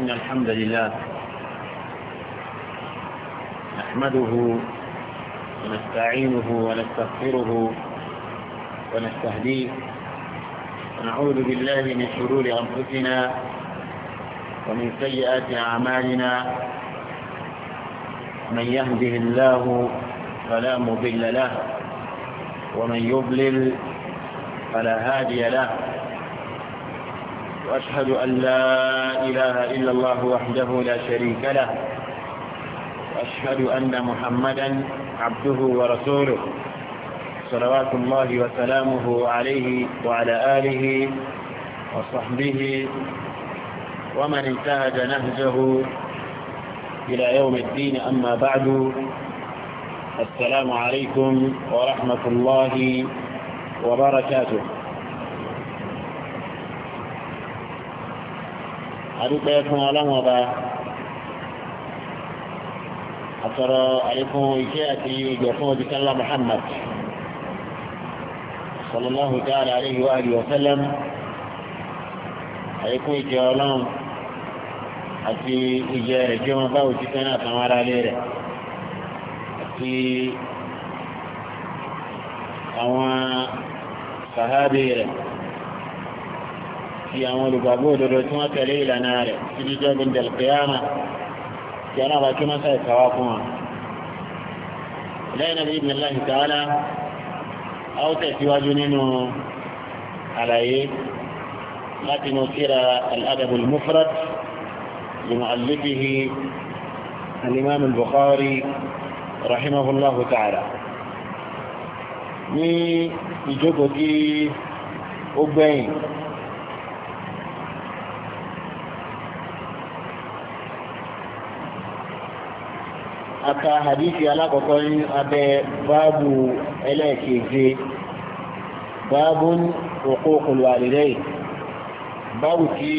إن الحمد لله نحمده ونستعينه ونستغفره ونستهديه ونعوذ بالله من شرور أنفسنا ومن سيئات أعمالنا من يهده الله فلا مضل له ومن يضلل فلا هادي له وأشهد أن لا إله إلا الله وحده لا شريك له وأشهد أن محمدا عبده ورسوله صلوات الله وسلامه عليه وعلى آله وصحبه ومن انتهج نهجه إلى يوم الدين أما بعد السلام عليكم ورحمة الله وبركاته adúpẹ́ fún ọlọ́wọ́n ọba àtọ̀rọ̀ àlékún iṣẹ́ àti ìjọ fún òjíṣẹ́lá Muhammad sallallahu ta'ala alayhi wa alihi wa sallam àlékún ìjọ ọlọ́run àti ìjẹ rẹ̀ jẹ́ wọn bá òjíṣẹ́ náà tán ara rẹ̀ àti àwọn sàhábì rẹ̀ àti àwọn olùgbàgbọ́ òdodo tí wọ́n tẹ̀lé ìlànà rẹ̀ tí jíjọ́ gbìndẹ̀ kìíyàmà tí a náà bá kí mọ́sá ìkàwà fún wa lẹ́yìn àbí ìbìnlá ìkàwàlá a ó tẹ̀síwájú nínú àlàyé láti mọ̀ síra al'adabul mufrat لمؤلفه الإمام البخاري رحمه الله تعالى ní ìjókòó tí ó gbẹ̀yìn aka hadithi alákọ̀ọ́kọ́ ní abẹ́ báàbù ẹlẹ́ẹ̀keje báàbù huququl walidayn báàbù tí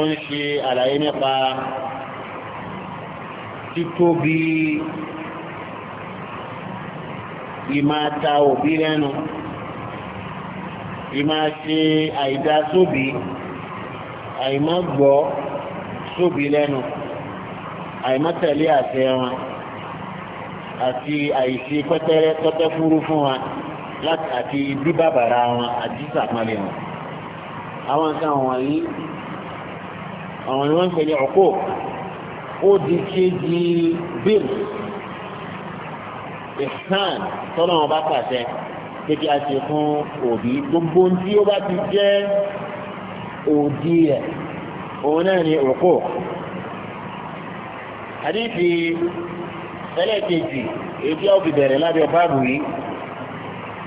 ó ń ṣe àlàyé nípa títóbi ìmáta òbí lẹ́nu ìmá ṣe àìdá sóbì àìmọ́gbọ́ sóbì lẹ́nu. So àìmọ́tẹ̀lé àṣẹ wọn àti àìsí pẹ́tẹ́rẹ́ tọ́tẹ́ fúrú fún wọn àti bíbàbàrà wọn àti sàpọ́nlé wọn. àwọn nǹkan wọ̀nyí àwọn ni wọ́n ń pè ní ọ̀kọ́ ó di kéjì bíl ìsàn tọ́nà wọn bá pàṣẹ kéjì àti fún òbí gbogbo tí ó bá ti jẹ́ òdì ẹ̀ òun náà ni ọ̀kọ́. حديثي ẹlẹ́ẹ̀kejì èyí ó fi bẹ̀rẹ̀ lábẹ́ báàbù yìí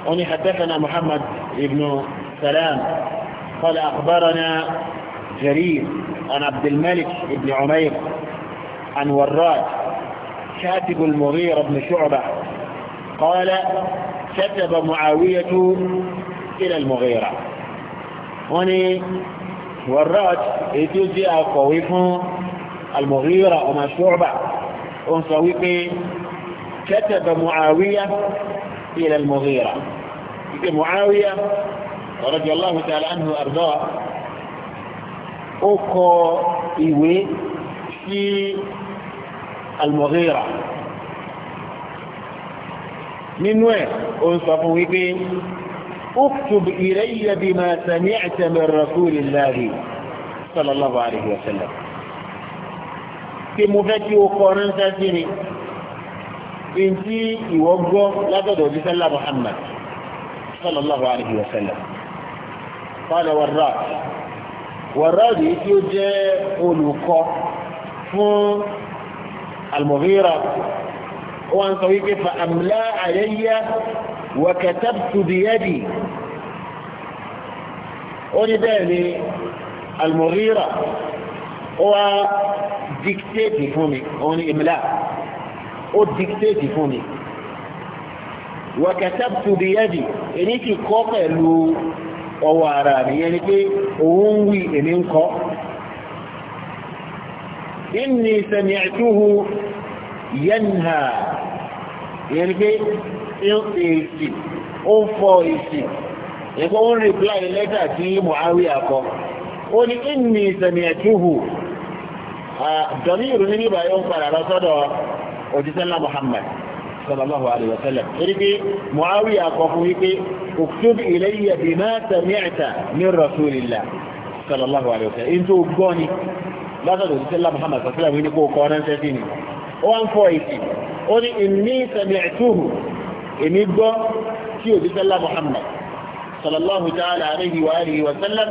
ó حدثنا محمد بن سلام قال أخبرنا جرير عن عبد الملك بن عمير عن وراد كاتب المغيرة بن شعبة قال كتب معاوية إلى المغيرة wọ́n ni wọ̀rọ̀t ètò jẹ́ Al-Mughira ọmọ Shu'ba ó ń sọ wípé kataba Mu'awiya ila Al-Mughira wípé Mu'awiya radiyallahu ta'ala anhu àrùdọ́ ó kọ ìwé sí Al-Mughira nínú ẹ̀ ó ń sọ fún wípé اكتب إلي بما سمعت من رسول الله صلى الله عليه وسلم pé mo fẹ́ kí o kọ ránṣẹ́ sí ni in tí ìwọ gbọ́ látọ̀dọ̀ bí sẹ́lá Muhammad sallallahu alaihi wa sallam qala warraq warraq yìí tí ó jẹ́ olùkọ́ fún al-Mughira wọ́n sọ wípé fa amla alayya wa katabtu ó ní bẹ́ẹ̀ ni al ó wá dictate fún mi òun ni ìmìlá ó dictate fún mi wa katabtu bi yadi èmi kì kọ́ pẹ̀lú ọwọ́ ara mi yẹn ni pé òun wí èmi ń kọ́ inni sami'tuhu yanha yẹn ni pé èsì ó ń fọ èsì ẹ̀kọ́ ń reply lẹ́tà tí Muawiya kọ ó ní inni sami'tuhu dọ̀míìrù ní bíbá yóò padà lọ sọ́dọ̀ òjísẹ́lá Muhammad sallallahu alaihi wasallam iri pé Muawiya kọ fún wípé uktub ilayya bima sami'ta min rasulillah sallallahu alaihi wasallam in tó gbọ́ ni lọ́sọ̀dọ̀ òjísẹ́lá Muhammad sallallahu alaihi wasallam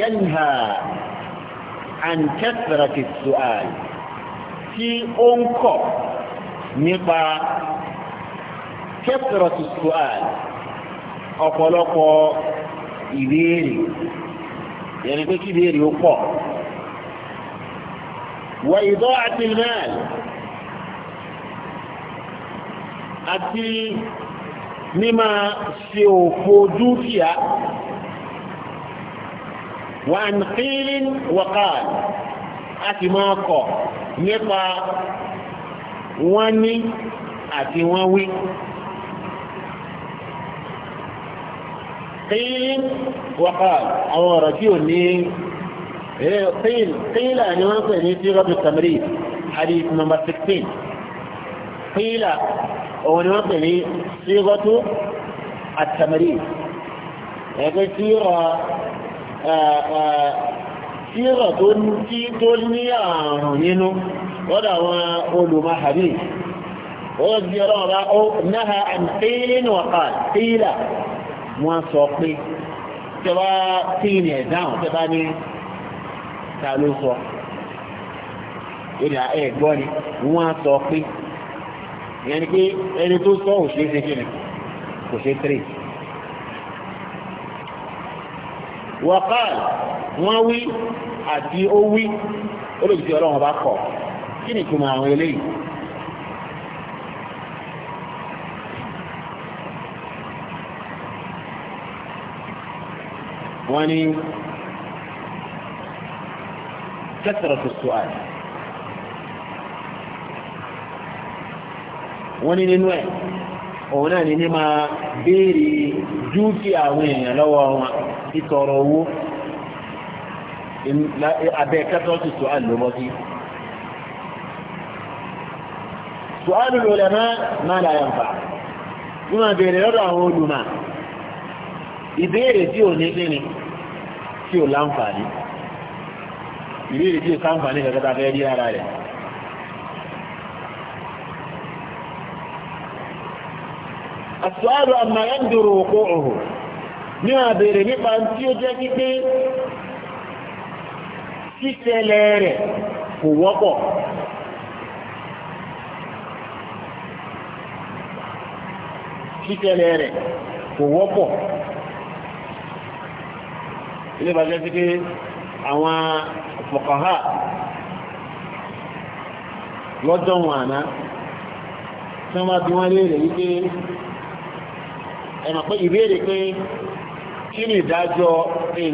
yanha àǹtẹ́sìrẹ̀tì sùáì tí ó ń kọ̀ nípa kẹsìrẹ̀tì sùáì ọ̀pọ̀lọpọ̀ ìbéèrè yẹni pé kí ìbéèrè ó pọ̀ wà ìdọ́ àti mẹ́ẹ̀lì àti mímá ṣe òfò dúkìá وعن قيل وقال àti máa kọ̀ nípa wọ́n ní àti wọ́n wí قيل وقال àwọn ọ̀rọ̀ tí ò ní قيل ni wọ́n pè ní sígọ́dù tamri hadith number 16 قيل òun ni wọ́n pè ní sígọ́dù التمريض ẹgbẹ́ sígọ́ síra tó ní tó ní ààrùn nínú wọ́dà wọn olùmọ̀hàbí ó di ọlọ́ọ̀bá ó náà àtẹ́lẹ́nù ọ̀pá tíìlà wọ́n sọ pé tẹba tíìlì ẹ̀dáhùn tẹba ní ta ló sọ ìlà ẹ̀gbọ́ ni wọ́n sọ pé ìyẹn pé ẹni tó sọ òṣèṣe kìnnì kò ṣe wàkàl wọ́n wí àti ó wí olóògbé ọlọ́run bá kọ̀ kí ni ìtumọ̀ àwọn eléyìí wọ́n ní kẹsàrọ̀tù sùáì wọ́n ní nínú ẹ̀ òun náà ni ní máa béèrè dúkìá àwọn èèyàn lọ́wọ́ wọn ìtọrọ owó abẹ́ kẹ́tọ́ ti tó àlùbọ́ sí tó àlùbọ́ lẹ́mọ́ máa láyà ń fà wọ́n máa béèrè lọ́dọ̀ àwọn olùmọ̀ ìbéèrè tí ò ní kíni tí ò láǹfààní ìbéèrè tí ò sáǹfààní kẹ́kẹ́ tá àtúwárò àmà ẹ̀ ń dòrò òkú òhù ní àbèrè nípa tí ó jẹ́ rẹ̀ kò wọ́pọ̀ rẹ̀ kò wọ́pọ̀ ilé bàjẹ́ sí pé àwọn fọ̀kànhá lọ́jọ́ wọn ẹ̀mọ̀ pé ìbéèrè pé kí ni ìdájọ́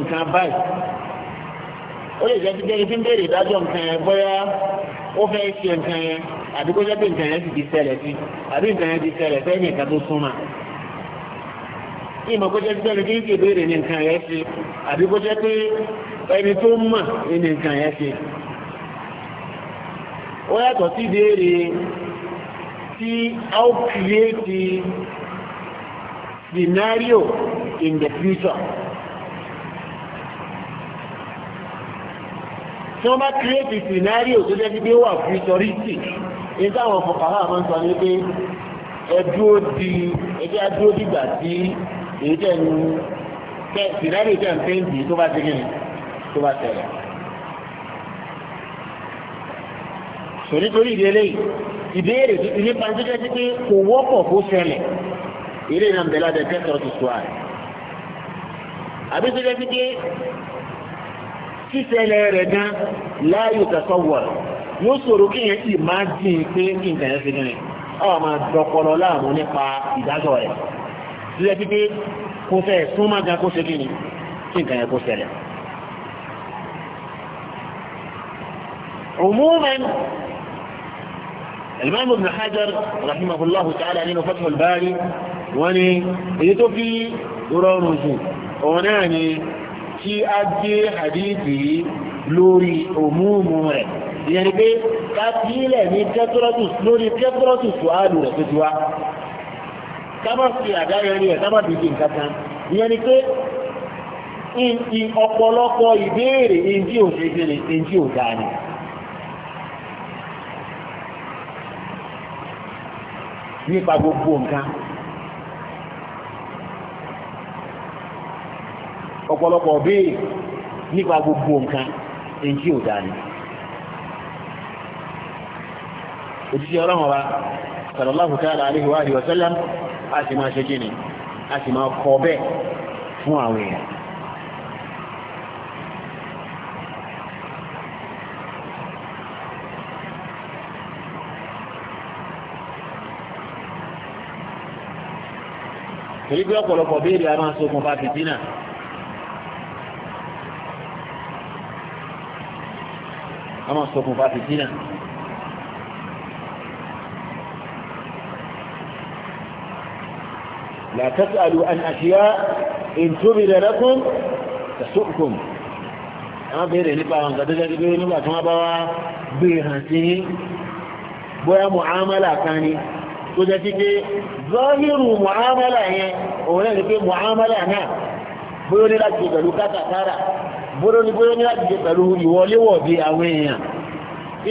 nǹkan báyìí ó lè jẹ́ pé kí n béèrè ìdájọ́ nǹkan yẹn bóyá ó fẹ́ ṣe nǹkan yẹn àbí kó jẹ́ pé nǹkan yẹn sì ti ṣẹlẹ̀ sí àbí nǹkan yẹn ti ṣẹlẹ̀ sẹ́yìn nǹkan tó súnmọ́ ìmọ̀ kó jẹ́ pé ẹni kí ìbéèrè ní nǹkan yẹn ṣe àbí kó jẹ́ pé ẹni tó mọ̀ ní nǹkan yẹn ṣe ó yàtọ̀ sí ìbéèrè tí a ó kìí scenario in the future tí wọ́n bá create scenario tó jẹ́ pípé wà futuristic ní táwọn fọkàrà àwọn sọ ní pé ẹdúró di ẹjẹ́ adúró dìgbà tí èyí tẹ̀ ń tẹ̀ scenario tẹ̀ ń pẹ́ǹtì tó bá ti gìn tó bá tẹ̀lé. sọ nítorí ìdílé ìbéèrè nípa tó jẹ́ pípé kò wọ́pọ̀ kó ṣẹlẹ̀ eré náà bẹ̀rẹ̀ adẹ kẹsàn-án ti sọ àrẹ. àbí tó dẹ́bi dé sísẹlẹ̀ rẹ̀ gan láàyò kẹsàn wọ̀ yóò ṣòro kí yẹn sì máa dín pé kí nǹkan yẹn fi dín rẹ̀ ọ̀ máa dọpọlọ láàmú nípa ìdájọ́ rẹ̀ tó dẹ́bi dé kó fẹ́ súnmọ́ gan kó ṣe kí ni kí nǹkan yẹn kó ṣẹlẹ̀. òmùmẹ́ni Imam Ibn Hajar rahimahullahu ta'ala nínú Fathul Bari wọ́n ní èyí tó fi rọrùn jù òun náà ni kí a gbé hadithi lórí òmúmú rẹ̀ ìyẹn ni pé ká fílẹ̀ ní kẹ́tọ́rọ́tù lórí kẹ́tọ́rọ́tù sùálù rẹ̀ tó ti wá ká má fi àdáyẹrí ẹ̀ ká má dìde nǹkan kan ìyẹn ni pé ọ̀pọ̀lọpọ̀ ìbéèrè ìjì òṣèṣe ìjì òdáni nípa gbogbo nǹkan ọ̀pọ̀lọpọ̀ béèrè nípa gbogbo nǹkan èyí ò dáa ni òjíṣẹ́ ọlọ́run wa sallallahu ta'ala alaihi wa sallam a sì máa ṣe kí ni a sì máa kọ bẹ́ẹ̀ fún àwọn èèyàn torí pé ọ̀pọ̀lọpọ̀ béèrè a máa ṣokùnfà fìtínà a máa ṣokùnfà fìtínà. لا تسألوا عن أشياء إن تبد لكم تسؤكم àwọn béèrè nípa àwọn ǹkan tó jẹ́ pé nígbà tí wọ́n bá wá gbé e hàn sí bóyá mọ̀ kan ni tó jẹ́ sí pé zọ́hírù mọ̀hámálà yẹn òun náà ni pé mọ̀hámálà náà bóyá ní láti ṣe pẹ̀lú kátàkárà bóyá ní bóyá ní láti ṣe pẹ̀lú ìwọléwọ̀de àwọn èèyàn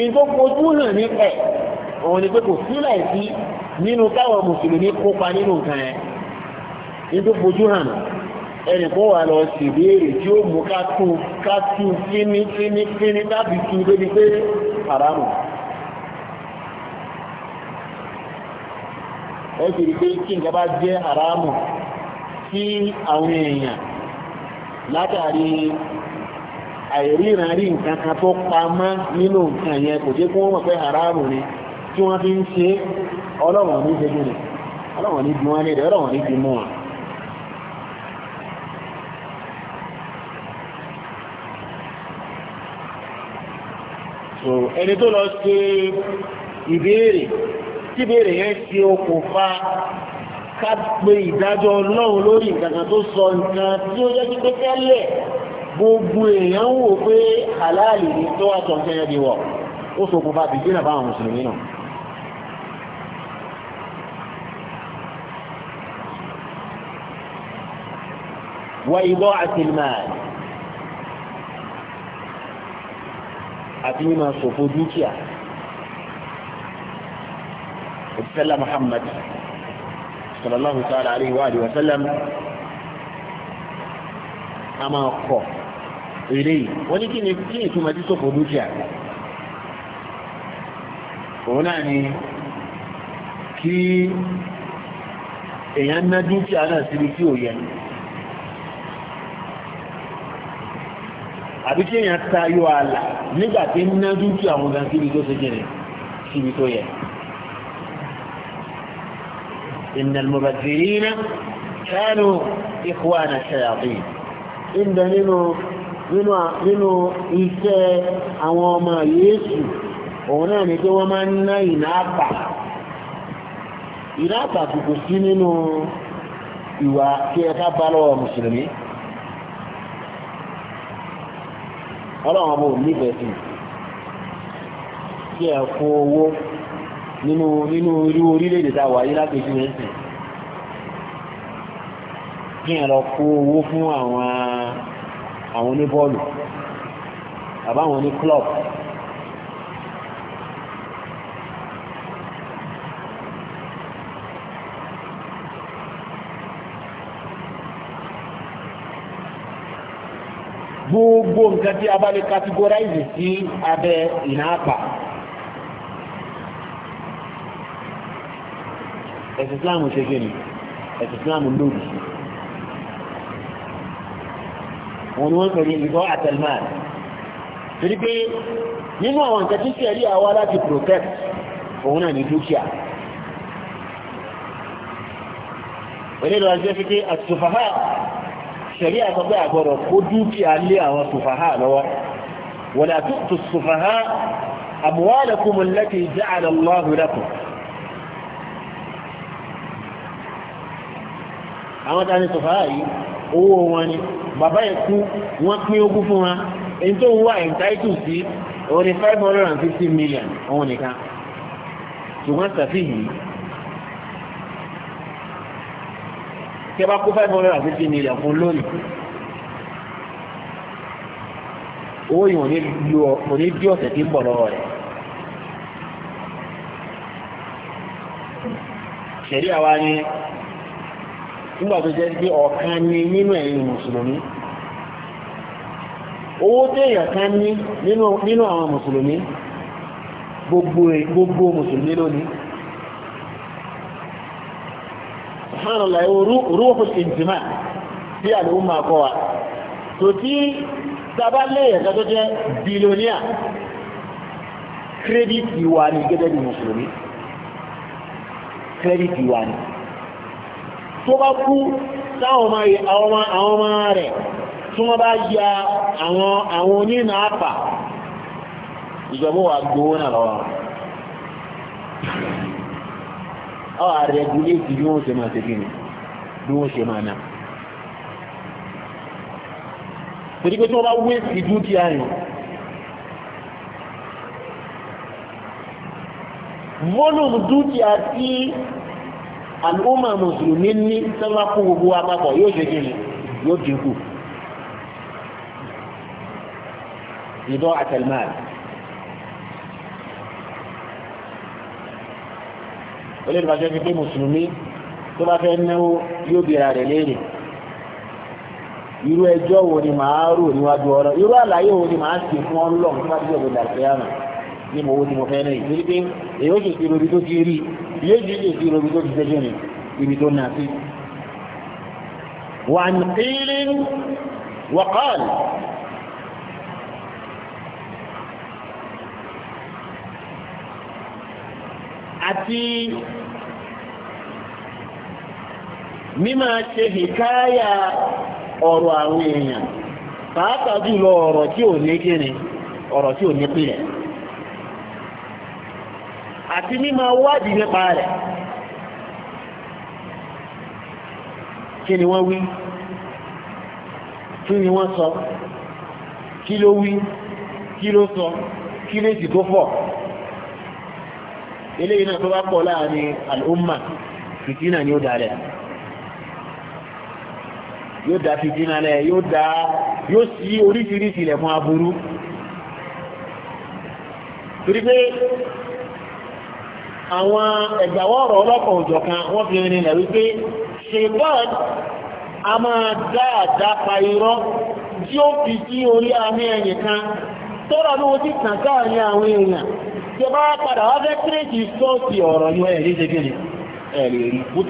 in tó kojú hàn ní ẹ̀ òun ni pé kò sílẹ̀ sí nínú káwọn mùsùlùmí kópa nínú nǹkan ẹ̀ in tó kojú hàn ẹnì kan wà lọ sí ìbéèrè ẹ fi rí pé kí nǹkan bá jẹ́ haramu sí àwọn èèyàn látàrí àìríran rí nǹkan kan tó pamọ́ nínú nǹkan yẹn kò jẹ́ kí wọ́n mọ̀ pé ni tí wọ́n fi ń ṣe ọlọ́wọ̀n ní ṣe gúnlẹ̀ ọlọ́wọ̀n ní bí ní ọlọ́wọ̀n ní bí mú so ẹni tó lọ ṣe ìbéèrè tí béèrè yẹn ṣe okùnfà ká pe ìdájọ́ ọlọ́run lórí ìgbàgbà tó sọ nǹkan tí ó jẹ́ pípé tẹ́lẹ̀ gbogbo èèyàn wò pé aláàlì ní tó wà tọ́ kẹ́yẹ́ bí wọ̀ ó ṣokùnfà bìjìnà báwọn mùsùlùmí náà wa ida'ati al-mal àti mímọ̀ ṣòfò dúkìá òtítẹ́lá Muhammad sallallahu ta'ala alaihi wa alihi wa sallam a máa kọ̀ èrè wọ́n ní kí ni kí ni túmọ̀ sí ṣòfò dúkìá òun náà ni kí èèyàn ná dúkìá náà síbi tí ò yẹ àbí tí èèyàn tayọ ààlà nígbà tí ń ná dúkìá àwọn gan síbi tó ṣe jẹrẹ síbi tó yẹ إن المبذرين كانوا إخوان الشياطين إن nínú nínú nínú iṣẹ́ àwọn ọmọ yéésù òun náà ni pé wọ́n máa ń ná ìnáàpà ìnáàpà kùkù sí nínú ìwà tí ẹ ká bá lọ́wọ́ mùsùlùmí ọlọ́run ọmọ òun nífẹ̀ẹ́ sí kí ẹ fún owó nínú nínú irú orílẹ̀-èdè tá a wà yí lápẹjú rẹ̀ sìn kí n lọ kó owó fún àwọn àwọn oníbọ́ọ̀lù àbá àwọn oní club gbogbo nǹkan tí a bá lè categorize sí abẹ́ ìnáàpà ẹ̀sìn Islam ṣe gbé ni ẹ̀sìn Islam lòdì sí wọn ni wọ́n pẹ̀lú ìgbọ́ àtẹlmáà torí pé nínú àwọn nǹkan tí sẹ̀rí àwa láti protect òun náà ní dúkìá onílò ajé fi pé àtùfàhà sẹ̀rí àtọ́gbẹ́ àgbọ̀rọ̀ kó dúkìá lé àwọn tùfàhà lọ́wọ́ wala tu'tu as-sufaha'a amwalakum allati ja'ala àwọn tani sọ̀fàá yìí owó wọn ni bàbá ẹ̀kú wọ́n pín ogún fún wa èyí tó ń wá ẹ̀ǹtáìtù sí òun ni five hundred and fifty million òun nìkan ṣùgbọ́n sàfihì kí a bá kó five hundred and fifty million fún lónìí owó yìí wọ́n ní bí ọ̀sẹ̀ tí ń bọ̀ lọ́wọ́ rẹ̀. ṣẹ̀rí àwa ni nígbà tó jẹ́ pé ọ̀kan ni nínú ẹ̀yin mùsùlùmí owó téèyàn kan ní nínú àwọn mùsùlùmí gbogbo mùsùlùmí lónìí subhanallah ruhul intima tí al'umma kọ́ wa tó tí sábálẹ̀ ẹ̀ka tó jẹ́ billionaire kírẹ́dìtì wà ní gẹ́gẹ́ bí mùsùlùmí kírẹ́dìtì wà ní tó bá kú táwọn ọmọ rẹ̀ tí wọ́n bá ya àwọn onínà àpà ìjọba wà gbówó náà lọ́wọ́ ọwà rẹ̀ gúlé ti bí wọ́n ṣe máa ṣe gíní bí wọ́n ṣe máa náà torí pé tí wọ́n bá wé a dúkìá yìí volume dúkìá tí àlùmọ́ mùsùlùmí ní sọ́wọ́ kó gbogbo apapọ̀ yóò ṣe kí ni yóò dínkù. ìdọ́ àtẹlmáàlì. olórí bá jẹ́ pé mùsùlùmí tó bá fẹ́ náwó yóò bèèrè rẹ̀ léèrè irú ẹjọ́ wo ni màá rò níwájú ọ̀rọ̀ irú àlàyé wo ni màá sì fún ọlọ́run tó bá jẹ́ òbí dàgbé àná ní mo wo ni fẹ́ náà ìdílé pé èyí ó sì fi rí méjèèjì sí ibi tó ti tẹ́jẹ́ ni ibi tó náà sí wà ní kílín wàkọ́l àti mímọ̀ ṣe hìkáyà ọ̀rọ̀ àwọn èèyàn pàápàá jùlọ ọ̀rọ̀ tí ò ní kíni ọ̀rọ̀ tí ò ní pìlẹ̀ àti mímọ̀ wádìí nípa rẹ̀ kí ni wọ́n wí kí ni wọ́n sọ kí ló wí kí ló sọ kí ló sì tó fọ̀ eléyìí náà tó bá pọ̀ láàrin al'umma fìtínà ni ó dalẹ̀ yóò da fìtínà lẹ̀ yóò da yóò sí oríṣiríṣi ilẹ̀ fún aburú torí pé àwọn ẹ̀gbàwọ́ ọ̀rọ̀ ọlọ́pọ̀ òjò kan wọ́n fi rìn rẹ̀ wípé ṣèbọ́d a máa dáadáa pa irọ́ tí ó fi sí orí àmì ẹ̀yìn tọ́rọ ní wọ́n ti tàn káàrin àwọn èèyàn bá padà wá fẹ́ sọ́ọ̀tì ọ̀rọ̀ ẹ̀rí sọ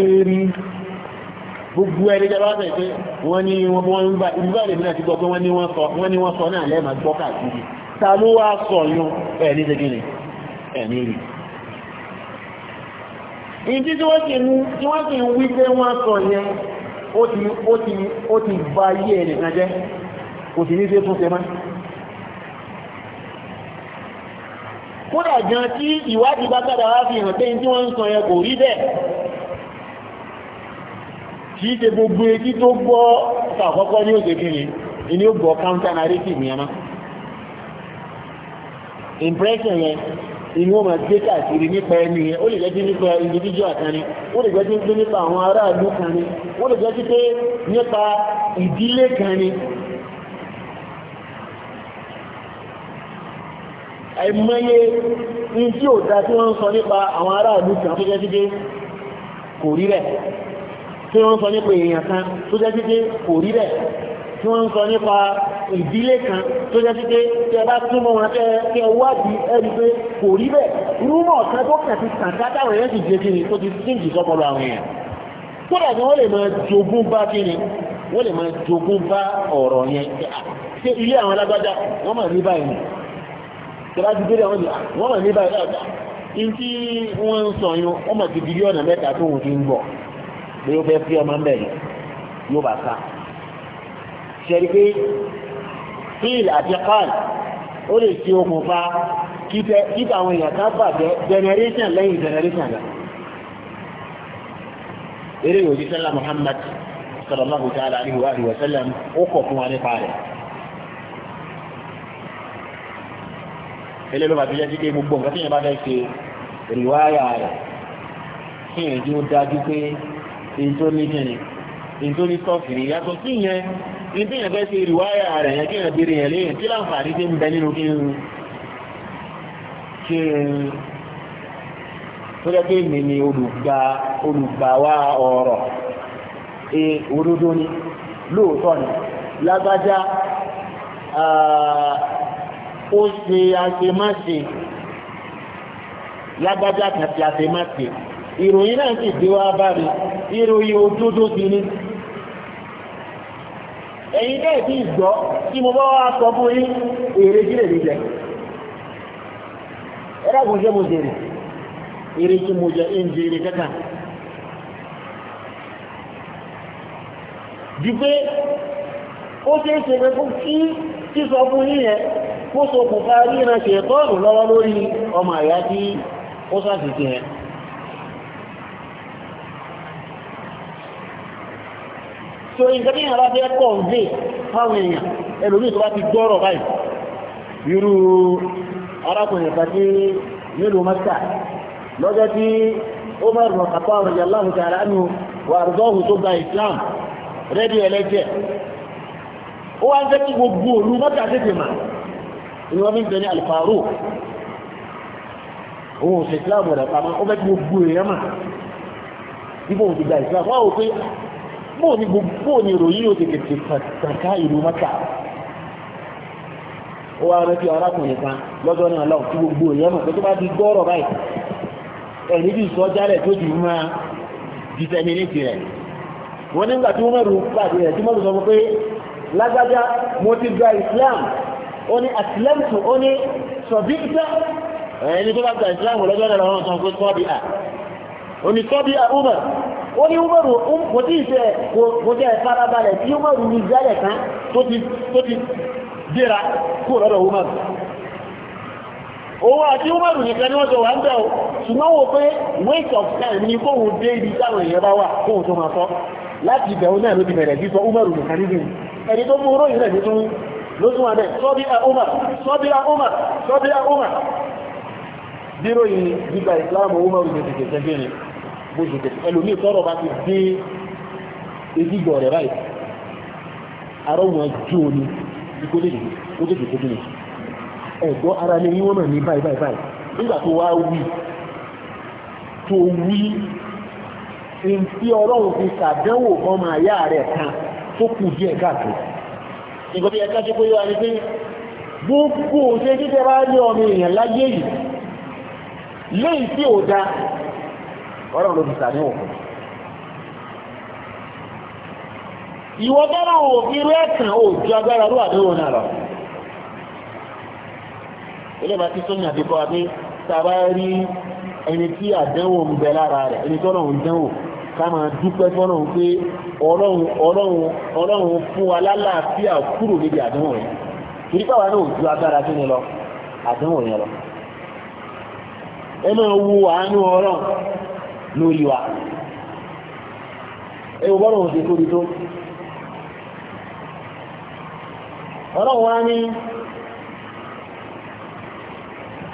irú gbogbo ẹni jábá bẹ̀ pé wọ́n ní wọ́n ń bá ìlú báyìí náà ti gbọ́ pé wọ́n ní wọ́n sọ wọ́n ní wọ́n sọ náà lẹ́ẹ̀mà gbọ́ káàkiri ta ló wá sọ yún ẹ̀ní ṣe gíní rí ìdí tí wọ́n ti mú tí wọ́n ti wí pé wọ́n sọ yẹn ó ti ó ti ó ti ba ayé ẹ̀ nìkan jẹ́ kò sì ní ṣe tún ṣe kódà gan tí ìwádìí bá kádà wá fi hàn pé tí wọ́n ń sọ yẹn kò rí bẹ́ẹ̀ kìí ṣe gbogbo etí tó gbọ́ àkọ́kọ́ ní òṣè kìíní ni ó gbọ́ counter narrative yẹn náà impression yẹn inú ọmọ gbé káàkiri nípa ẹni yẹn ó lè jẹ́ sí nípa individual kan ni ó lè jẹ́ sí pé nípa àwọn aráàlú kan ni ó lè jẹ́ sí pé nípa ìdílé kan ni àìmọye ní tí ò dá tí wọ́n ń sọ nípa àwọn aráàlú kan tó jẹ́ sí kò rí rẹ̀ tí wọ́n ń sọ nípa èèyàn kan tó jẹ́ títí kò rí bẹ́ẹ̀ tí wọ́n ń sọ nípa ìdílé kan tó jẹ́ títí tí ẹ bá túnmọ̀ wọn tẹ́ wádìí ẹni pé kò rí bẹ́ẹ̀ rúmọ̀ kan tó kàn ti tàn kátàwọn èèyàn sì jẹ́ kí ni tó ti síǹkì sọ́pọ̀lọ àwọn èèyàn kódà ni wọ́n lè máa jogún bá kí ni wọ́n lè máa jogún bá ọ̀rọ̀ yẹn ṣe ilé àwọn alágbádá wọ́n máa ní báyìí tọ́lá ti délé àwọn wọ́n máa ní báyìí dáadáa ní tí wọ́n ń sọ yún wọ́n máa ti di ọ̀nà mẹ́ta pé ó fẹ́ fi ọmọ ń bẹ̀ yẹn yóò bá ká ṣẹ́rí pé fíìl àti kọ́ọ̀lù ó lè ṣe okùnfà kíkà àwọn èèyàn kan bàjẹ́ generation lẹ́yìn generation náà eré yòó jíṣẹ́ ńlá Muhammad sallallahu ta'ala alihu wa alihu wa sallam ó kọ̀ fún wa nípa rẹ̀ eléyìí ló bá fi jẹ́ sí pé gbogbo nǹkan tí yẹn bá fẹ́ ṣe rìwáyà rẹ̀ kí èyí ó dájú pé èyí tó ní kíni èyí tó ní sọ́ọ̀kì ni yàtọ̀ sí yẹn ní tí yẹn fẹ́ ṣe ìrìwáyà rẹ̀ yẹn kí yẹn bèrè yẹn léyìn tí láǹfààní tí ń bẹ nínú kí n ṣe tó jẹ́ pé mi ni olùgbàwà ọ̀rọ̀ e òdodo ni lágbájá ó ṣe àṣemáṣe lágbájá kan ti àṣemáṣe. ìròyìn náà sì dé wá bá mi ìròyìn òdodo sí ni ẹ̀yin náà ti gbọ́ tí mo bá wá sọ fún yín èrè sílẹ̀ mi jẹ jẹ́ mo jèrè èrè tí mo ń jèrè pé ó ṣe é ṣe pé kí sísọ fún yẹn kó tó yí nǹkan tí yàrá fẹ́ kọ̀ ń dè fáwọn èèyàn ẹlòmíì tó bá ti gbọ́rọ̀ báyìí irú arákùnrin kan tí nílùú mẹ́ta lọ́jọ́ tí Umar bin Khattab radiyallahu ta'ala anhu wà àrùdọ́hù tó gba Islam rédíò ẹlẹ́jẹ̀ ó wá ń fẹ́ kí gbogbo òlu mẹ́ta tètè mà bóò ni gbogbo ni ròyìn yóò tètè tàkà ìlú mọ́ta ó wá rántí arákùnrin kan lọ́jọ́ náà lọ́wọ́ tí gbogbo èèyàn mọ̀ pé tó bá ti gbọ́rọ̀ báyìí ẹ̀rí bí ìsọjálẹ̀ tó ti máa dìtẹ̀mínítì rẹ̀ wọ́n nígbà tí wọ́n mẹ́rù pàdé rẹ̀ tí mọ́rù sọ pé lágbájá mo ti gba Islam ó ní àtìlẹ́mùtù ó ní sọ̀bíkítà ẹni tó bá gba Islam lọ́jọ́ náà lọ́wọ́ sọ pé tọ́bíà ó ní tọ́bíà Umar ó ní umaru kò tí ìfẹ́ kò jẹ́ farabalẹ̀ tí umaru ní jálẹ̀ kan tó ti gbéra kú lọ́dọ̀ umaru òun àti umaru nìkan ni wọ́n jọ wà ń bẹ̀ o ṣùgbọ́n wo pé waste of time ni kóhun dé ibi táwọn èèyàn bá wà kóhun tó máa sọ láti ibẹ̀ òun náà ló ti bẹ̀rẹ̀ sí sọ umaru nìkan níbi ẹni tó mú ròyìn rẹ̀ nítorí lójú wa bẹ́ẹ̀ sọ́bí a umar sọ́bí a umar sọ́bí a umar bí ròyìn gbígba ìsìláàmù umaru ní ti kẹ̀kẹ́ bó ṣe tẹ̀ ẹlòmíì tọrọ bá ti dé edigbo rẹ̀ báyìí arọ́ wọn jó ni ikú lè dìde ó lè dìde bí mi ẹ̀gbọ́n ara ni wọ́n náà ní báyìí báyìí báyìí nígbà tó wá wí tó wí ntí ọlọ́run fi ṣàdánwò ọmọ àyá rẹ̀ kan tó kù díẹ̀ káàkiri nǹkan bí ẹ̀ka ṣe pé wà ní pé gbogbo ṣe títẹ́ bá ní ọmọ èèyàn láyé yìí léyìí tí ò dáa ọ̀rọ̀ ló fi sàníwọ̀ fún ìwọ bẹ́rẹ̀ òfin rẹ̀ kàn ó ju agbára ló àdéhùn náà lọ ilé bá ti sọ́yìn àti kọ́ abé tàbá rí ẹni tí àdéhùn ń bẹ lára rẹ̀ ẹni tọ́nà ń dẹ́wò ká máa dúpẹ́ fọ́nà pé ọlọ́run fún wa lálàáfíà kúrò níbi àdéhùn rẹ̀ torí pàwà náà ju agbára kí ni lọ àdéhùn yẹn lọ ẹ máa wo àánú ọlọ́run lórí wa ewu bọ́rọ̀ òṣè tóbi tó ọlọ́run wá ní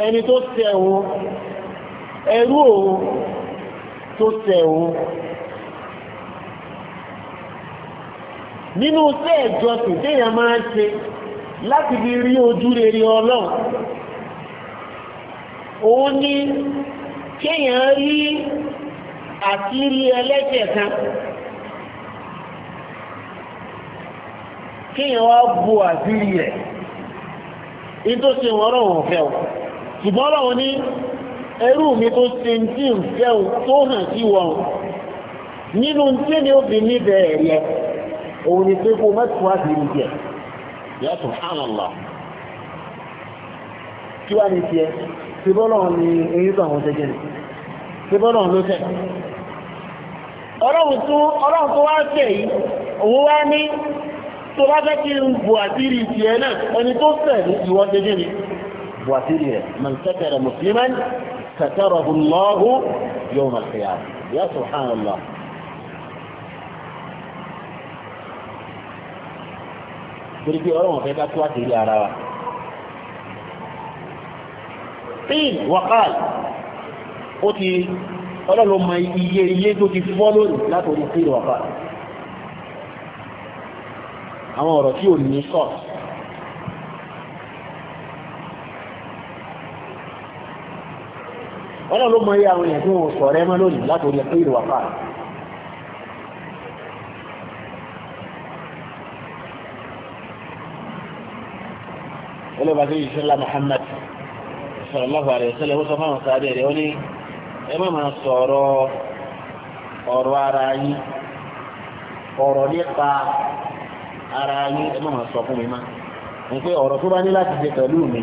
ẹni tó tẹ òun ẹrú òun tó tẹ òun nínú tẹ́ ìjọsìn téèyàn máa ń ṣe láti fi rí ojú rere ọlọ́run òun ni kéèyàn rí àti rí ẹlẹ́jẹ̀ kan kíyàn wá bu àbírí rẹ̀ in tó ṣe wọ́n rọ̀wọ̀n fẹ́ o ṣùgbọ́n rọ̀wọ̀n ní ẹrú mi tó ṣe tí ń fẹ́ o tó hàn sí wọn nínú tí ni ó fi níbẹ̀ ẹ̀rẹ́ òun ni pé kó mẹ́tù àbírí jẹ ya subhanallah kí wá ní tiẹ̀ ṣe bọ́lọ̀ ni èyí tó àwọn jẹjẹrẹ ṣe bọ́lọ̀ ló tẹ̀ ọlọ́run tó wá tẹ̀ yìí òun wá ní tó bá fẹ́ kí n bù àtírí ti ẹ náà ẹni tó tẹ̀ ní ìwọ́n ṣe gíní bù àtírí rẹ̀ man satara musliman satarahu Allahu yawm al-qiyamah ya subhanallah torí pé ọlọ́run fẹ́ ká tó àtírí ara wa qil wa qal ó ti ọlọ́run mọ iye iye tó ti fọ́ lónìí látòrí sí ìwọ̀fà àwọn ọ̀rọ̀ tí ò ní sọ̀ ọlọ́run mọ iye àwọn èèyàn tí wọ́n sọ rẹ mọ́ lónìí látòrí sí ìwọ̀fà ẹlẹ́bàá tó yìí sẹ́lá Muhammad sallallahu alaihi wasallam ó sọ fáwọn sáré ẹ má máa sọ̀rọ̀ ọ̀rọ̀ ara yín ọ̀rọ̀ nípa ara yín ẹ má máa sọ fún mi má ní pé ọ̀rọ̀ tó bá ní láti ṣe pẹ̀lú mi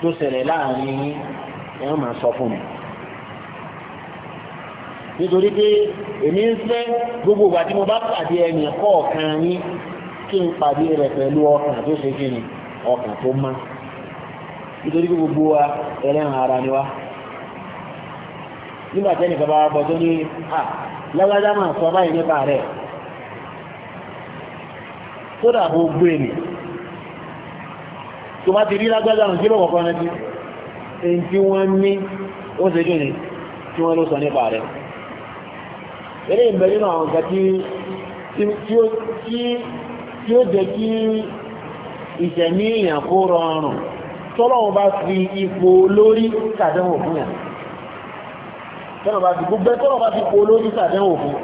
tó ṣẹlẹ̀ láàrin yín ẹ má máa sọ fún mi nítorí pé èmi ń fẹ́ gbogbo ìgbà tí mo bá pàdé ẹnì kọ̀ọ̀kan yín kí n pàdé rẹ̀ pẹ̀lú ọkàn tó ṣe kí ni ọkàn tó má nítorí gbogbo ẹlẹ́ran ara ni wá nígbà tẹ́nì kan bá wá bọ́ tó ní à lágbájá máa sọ báyìí nípa rẹ̀ kódà bó gbé mi tó bá ti rí lágbájá ń jíbọ̀ kọ̀ọ̀kan rántí èyí tí wọ́n ní ó ṣe kí ni tí wọ́n ló sọ nípa rẹ̀ eré ìbẹ̀ nínú àwọn nǹkan tí ó jẹ́ kí ìṣẹ̀mí ìyàn kó rọrùn tọ́lọ́wọ́n bá fi ipò lórí kàdánwò fún yàn tọ́nà bá fi gbogbo tọ́nà bá fi kó lórí sàdéhùn fún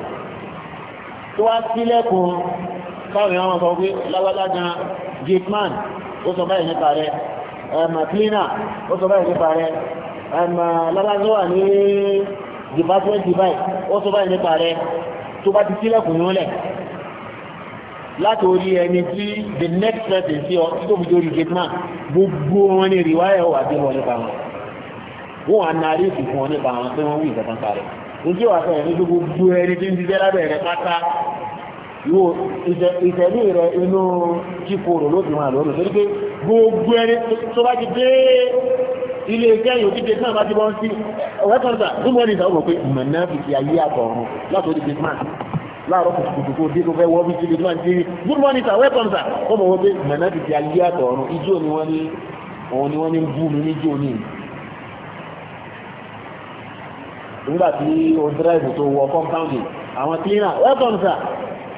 tó wá sílẹ̀kùn káwọn èèyàn sọ pé lágbádá gan gateman ó sọ báyìí nípa rẹ̀ ẹ̀mà cleaner ó sọ báyìí nípa rẹ̀ ẹ̀mà lágbádá ní department device ó sọ báyìí nípa rẹ̀ tó bá ti sílẹ̀kùn yóò lẹ̀ láti orí ẹni tí the next person sí ọ tó fi dórí gateman gbogbo wọn ni rìwáyà wà bí wọn nípa wọn wọ́n wà náà rí ìfún wọn nípa àwọn pé wọ́n wí ìjọba ń parẹ́ ojú wà fẹ́ ní gbogbo ẹni tí ń jíjẹ́ lábẹ́ rẹ pátá yóò ìtẹ̀lé rẹ inú kíkorò ló fi wọn lórí torí pé gbogbo ẹni tó bá ti dé ilé iṣẹ́ yóò díje náà bá ti bọ́ sí ọ̀rẹ́kọ̀ọ́sà tó mọ́ ní ìdáwó mọ̀ pé mọ̀nà fi ti ayé àtọ̀run látòrí christmas láàárọ̀ kùtùkùtù tó dé tó fẹ́ wọ́ bí síbi tó máa ń jírí good morning sir welcome sir ó mọ̀ wọ́n pé mọ̀nà fi ti ayé àtọ̀run ijó ni wọ́n ní òun ni wọ́n ní bú mi níjó ní ìlú nígbàtí o dírẹ́bù tó wọ compounding àwọn cleaner welcome sir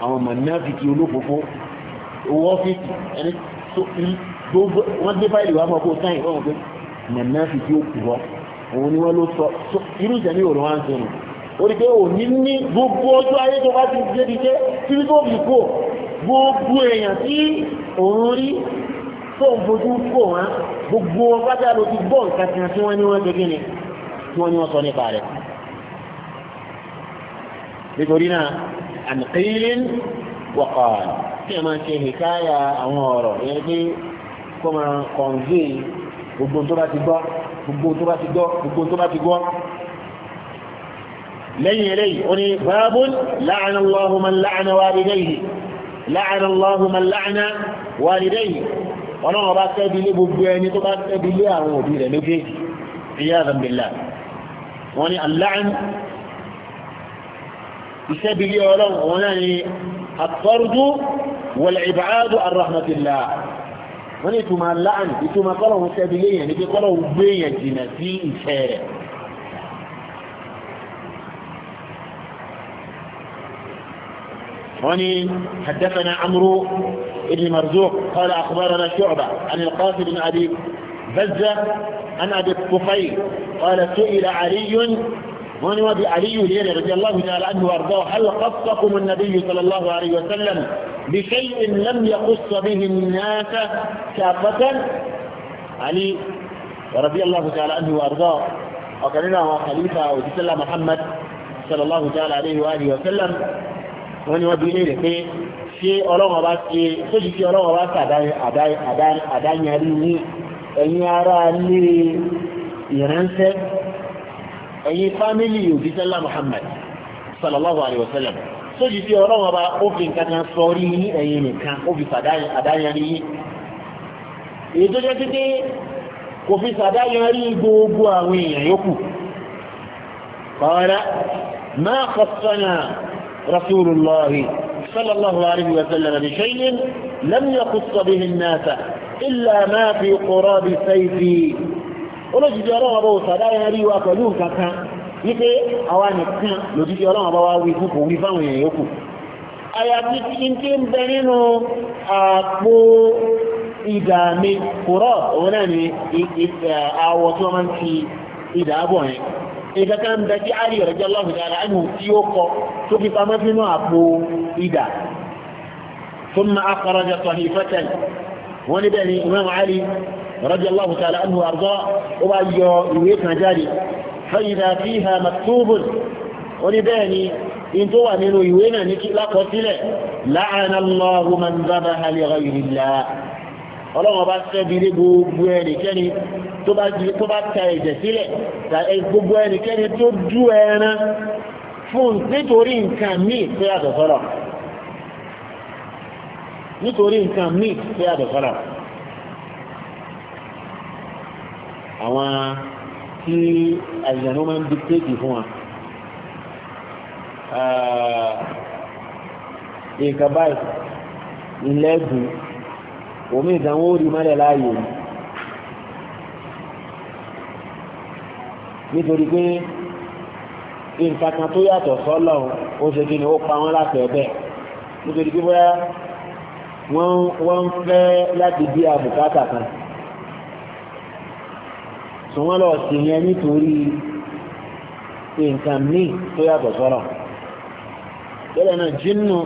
àwọn mọ̀nàfìkì olófòfó owó ọ́fíìsì ẹni tó wọ́n dé fáìlì wà mọ́kó sáyìn fọ́n pé mọ̀nàfìkì ó kù wọ́ òun ni wọ́n ló sọ irú ìṣẹ̀lẹ̀ òun wá ń sọnù ó rí pé òní ní gbogbo ọjọ́ ayé tó bá ti dé ti dé tí tó fi kó gbogbo èèyàn tí òun rí tó ń fojú kò wọ́n gbogbo wọn pátá ló ti gbọ́ nǹkan tí wọ́n ní wọ́n ṣe ni tí wọ́n ní wọ́n sọ nípa rẹ̀ nítorí náà àǹkílín wọ̀kọ̀ tí a máa ṣe hìkáyà àwọn ọ̀rọ̀ yẹn pé kó máa kọ̀ǹgé gbogbo tó bá ti gbọ́ gbogbo tó bá ti gbọ́ gbogbo tó bá ti gbọ́ lẹ́yìn eléyìí ó ní báábùn láàánà Allahu man láàánà بسبب لي ولهم ولاني يعني الطرد والعبعاد عن رحمة الله ولي ثم اللعن ثم قالوا بسبب لي يعني بقالوا بي الجنسين شارع وني حدثنا عمرو ابن مرزوق قال أخبارنا شعبة عن القاسب بن أبي بزة عن أبي الطفيل قال سئل علي وعن وابي علي رضي الله تعالى عنه وأرضاه هل قصكم النبي صلى الله عليه وسلم بشيء لم يقص به الناس كافة علي رضي الله تعالى عنه وأرضاه وكاننا خليفة وتسلى محمد صلى الله تعالى عليه وآله وسلم أداني أداني أداني أداني أداني أداني أداني أداني أداني أداني أداني أداني أداني أداني أداني أداني ìránṣẹ́ ẹ̀yin fámílì òjíṣẹ́lá Muhammad sallallahu alaihi wasallam tó jì sí ọ̀rọ̀ wọn bá ó fi nǹkan kan sọ rí ní ẹ̀yin nìkan ó fi sàdáyanrí yí èyí tó jẹ́ títí kò fi sàdáyanrí gbogbo àwọn èèyàn yókù qala ma khassana rasulullah sallallahu alaihi wasallam bi shay'in lam yakhus bihi an-nas illa ma fi qurabi sayfi olójijì ọlọ́run ọrụ òsàdá yẹn rí wa pẹ̀lú nǹkan kan wípé àwa nìkan lòjijì ọlọ́run ọba wa wí fún kò wí fáwọn èèyàn yòókù àyàfi kí n tí ń bẹ nínú àpò ìdàmé kòrọ̀ òun náà ni àwọ̀ tí wọ́n máa ń fi ìdàbọ̀ yẹn ìkankan ń bẹ radiyallahu ta'ala anhu àrùdọ́ ó wá yọ ìwé kan jáde fẹ́yìnà fi ha maktubun ó ní bẹ́ẹ̀ ni in tó wà nínú ìwé náà ní lákọsílẹ̀ la'ana Allahu man dhabaha li ghayri Allah ọlọ́wọ́n bá sẹ́bi ní gbogbo ẹnikẹ́ni tó bá ta ẹ̀jẹ̀ sílẹ̀ gbogbo ẹnikẹ́ni tó dú ẹran fún nítorí nǹkan míì tó yàtọ̀ sọ́lọ̀ nítorí nǹkan míì tó yàtọ̀ sọ́lọ̀ àwọn tí àìyànú máa ń dictate fún wa ìkà ah, báyìí ìlẹ́gùn omi ìdánwò rí mọ́lẹ̀ láàyè nítorí pé nǹkan kan tó yàtọ̀ sọ́lọ̀ ó ṣe kí ni ó pa wọ́n láti ẹ̀bẹ̀ nítorí pé bóyá wọ́n ń fẹ́ láti bí àbùkátà kan so wọ́n lọ sí yẹn nítorí nǹkan míì tó yàtọ̀ sọ́rọ̀ lọ́dọ̀ náà jínú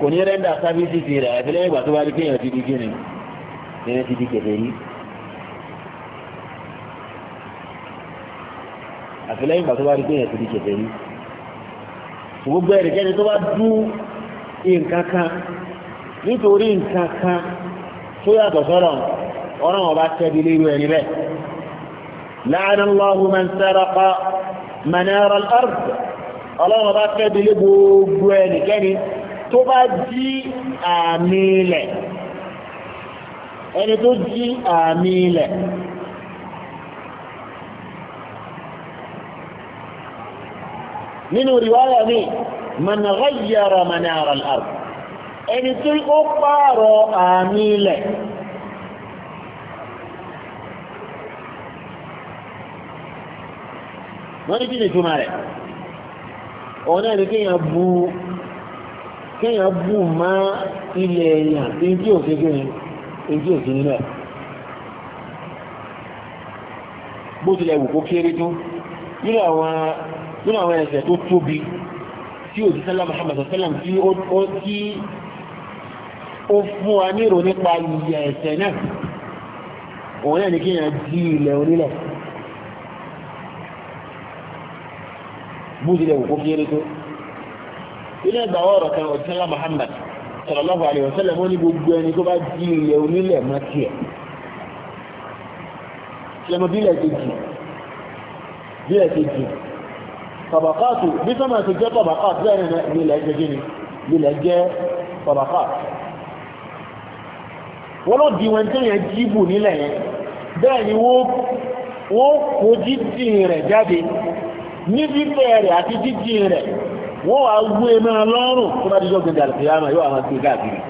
kò ní rẹ́ndà sábíìsì ti rẹ̀ àti lẹ́yìn ìgbà tó bá rí kéèyàn ti di gíní kéèyàn ti di kẹfẹ́ yìí àti lẹ́yìn ìgbà tó bá rí kéèyàn ti di kẹfẹ́ yìí gbogbo ẹ̀rìkẹ́ni tó bá dú nǹkan kan nítorí nǹkan kan tó yàtọ̀ sọ́rọ̀ ọ̀rọ̀ wọn bá tẹ́bi lérú ẹni bẹ́ẹ̀. لعن الله من سرق منار الأرض ọlọ́run bá kẹ́bílé gbogbo ẹnikẹ́ni tó bá jí àmì ilẹ̀ ẹni tó jí àmì ilẹ̀ nínú ríwáyà ní man ghayyara manar al-ard ẹni tí ó pààrọ̀ àmì ilẹ̀ wọ́n ní kí ni túmọ̀ rẹ̀ òun náà ni kéèyàn bu kéèyàn bù má ilẹ̀ èèyàn tí ó ṣe gẹ́rin èyí ò sí nínú ẹ̀ bó tilẹ̀ wù kó kéré tó nínú àwọn ẹ̀ṣẹ̀ tó tóbi tí ò sí sẹ́lá Muhammad sẹ́lá tí ó tí ó fún wa nírò nípa ìyẹ̀ ẹ̀ṣẹ̀ náà òun náà ni kéèyàn di ilẹ̀ onílẹ̀ bójúlẹ̀ òkú kéré tó ilé ẹgbà ọ̀rọ̀ kan ọ̀tíńlá Muhammad sallallahu alaihi wasallam ó ní gbogbo ẹni tó bá di ilẹ̀ onílẹ̀ mọ́ tiẹ̀ lẹ́mọ̀bílẹ̀ kejì bílẹ̀ kejì tọ̀bàkátù bí sọ́mọ̀ ní bíbẹ̀ rẹ̀ àti jíjí rẹ̀ wọ́n wá gbé e máa lọ́rùn tó bá díjọ́ gbẹ̀dẹ̀ àlùfíàmà yóò àwọn gbé e káàkiri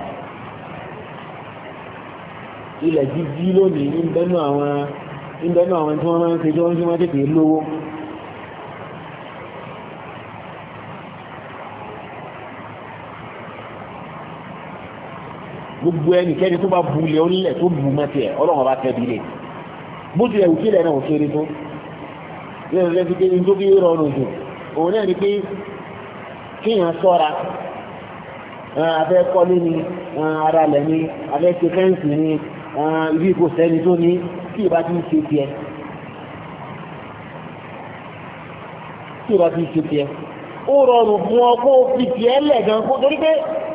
ilẹ̀ jíjí lónìí ní bẹ́nu àwọn ìbẹ̀nu àwọn tí wọ́n máa ń ṣe jọ́ ń ṣe wọ́n tètè lówó gbogbo ẹnikẹ́ni tó bá bulẹ̀ onílẹ̀ tó bù mọ́tì ẹ̀ ọlọ́run bá tẹ́bi lè bó lẹ́rẹ̀ fi dé ní tó bí rọrùn jù òun náà ni pé kíyàn sọ́ra abẹ́ kọ́lé ni ara lẹ̀ ni abẹ́ ṣe fẹ́ǹsì ni ibi kò sẹ́ni tó ní tí ìbá ti ń ṣe tiẹ̀ tí ìbá ti ń ṣe tiẹ̀ ó rọrùn fún ọ kó fi tiẹ̀ lẹ̀ gan kó torí pé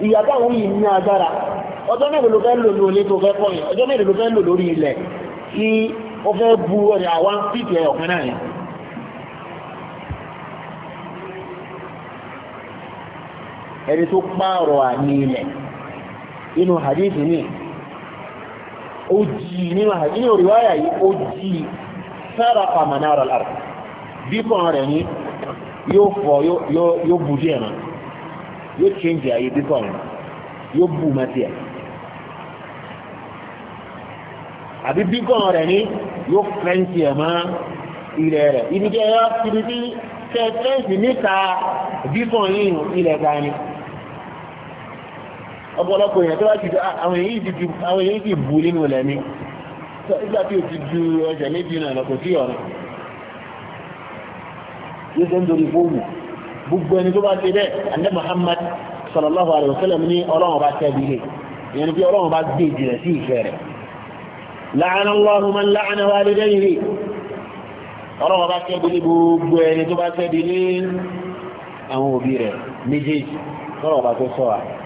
ìyàtọ̀ àwọn yìí ní agbára ọjọ́ mẹ́rin ló fẹ́ lò ní olé tó fẹ́ kọ́yìn ọjọ́ mẹ́rin ló fẹ́ lò lórí ilẹ̀ kí ó fẹ́ bu ọ̀rẹ́ àwọn fíìtì ẹ̀ ọ̀kan náà ẹni tó pààrọ̀ àmì ilẹ̀ inú hadithi ní ó jí nínú hadithi ní riwaya yìí ó jí saraqa manara al-ard bíbọn rẹ̀ ní yóò fọ́ yóò bù díẹ̀ náà yóò change ayé bíbọn rẹ̀ yóò bù mẹ́tì ẹ̀ àbí bíbọn rẹ̀ ní yóò fẹ́ǹsì ẹ̀ máa ilẹ̀ rẹ̀ ibi jẹ́ yá síbi tí fẹ́ǹsì níta bíbọn yìí ilẹ̀ gani ọ̀pọ̀lọpọ̀ èèyàn tó bá ti ah, àwọn èyí ti bú nínú ilẹ̀ mi ìgbà tí ó ti ju ọjọ́ méjì náà lọ kò sí ọ̀rọ̀ yóò ṣe ń dorí fóònù gbogbo ẹni tó bá ṣe bẹ́ẹ̀ andé Muhammad sallallahu alaihi wasallam ní ọlọ́run bá tẹ́bi lé ìyẹn bí ọlọ́run bá gbé ìjìnlẹ̀ sí ìfẹ́ rẹ̀ la'ana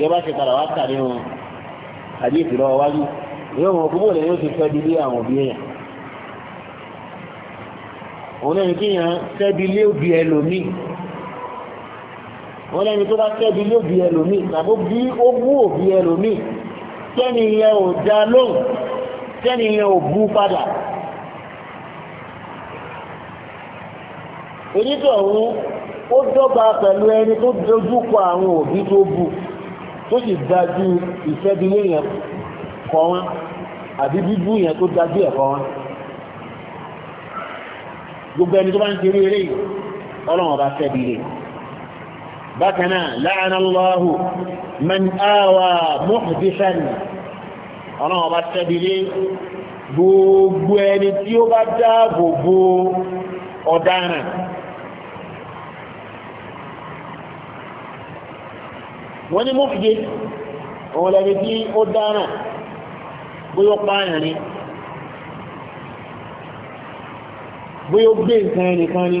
tí ẹ bá ṣe padà wá kà nínú àdé ìtìlọ́ wájú yóò mọ̀ kúbò lẹ́yìn ó ti fẹ́ dilé àwọn òbí èèyàn òun lẹ́ni kí yàn fẹ́bi lé òbí ẹlòmí wọ́n lẹ́ni tó bá fẹ́bi lé òbí ẹlòmí tàbí bí ó bú òbí ẹlòmí tẹ́ni yẹn ò dá lóhùn tẹ́ni yẹn ò bú padà onítọ̀hún ó dọ́gba pẹ̀lú ẹni tó dojú kọ àwọn òbí tó bú tó sì dájú ìfẹ́bílé yẹn kọ wọn àbí bíbú yẹn tó dájú ẹ̀kọ́ wọn gbogbo ẹni tó bá ń ṣe eré eré ọlọ́run ọba fẹ́bílé bákan náà la'ana Allahu man awa muhdithan ọlọ́run ọba fẹ́bílé gbogbo ẹni tí ó bá dáàbò bo ọ̀daràn wọ́n ní mọ́fìdé òun lẹ́ni tí ó dáràn bóyá pààyàn ni bóyá ó gbé nǹkan ẹnìkan ni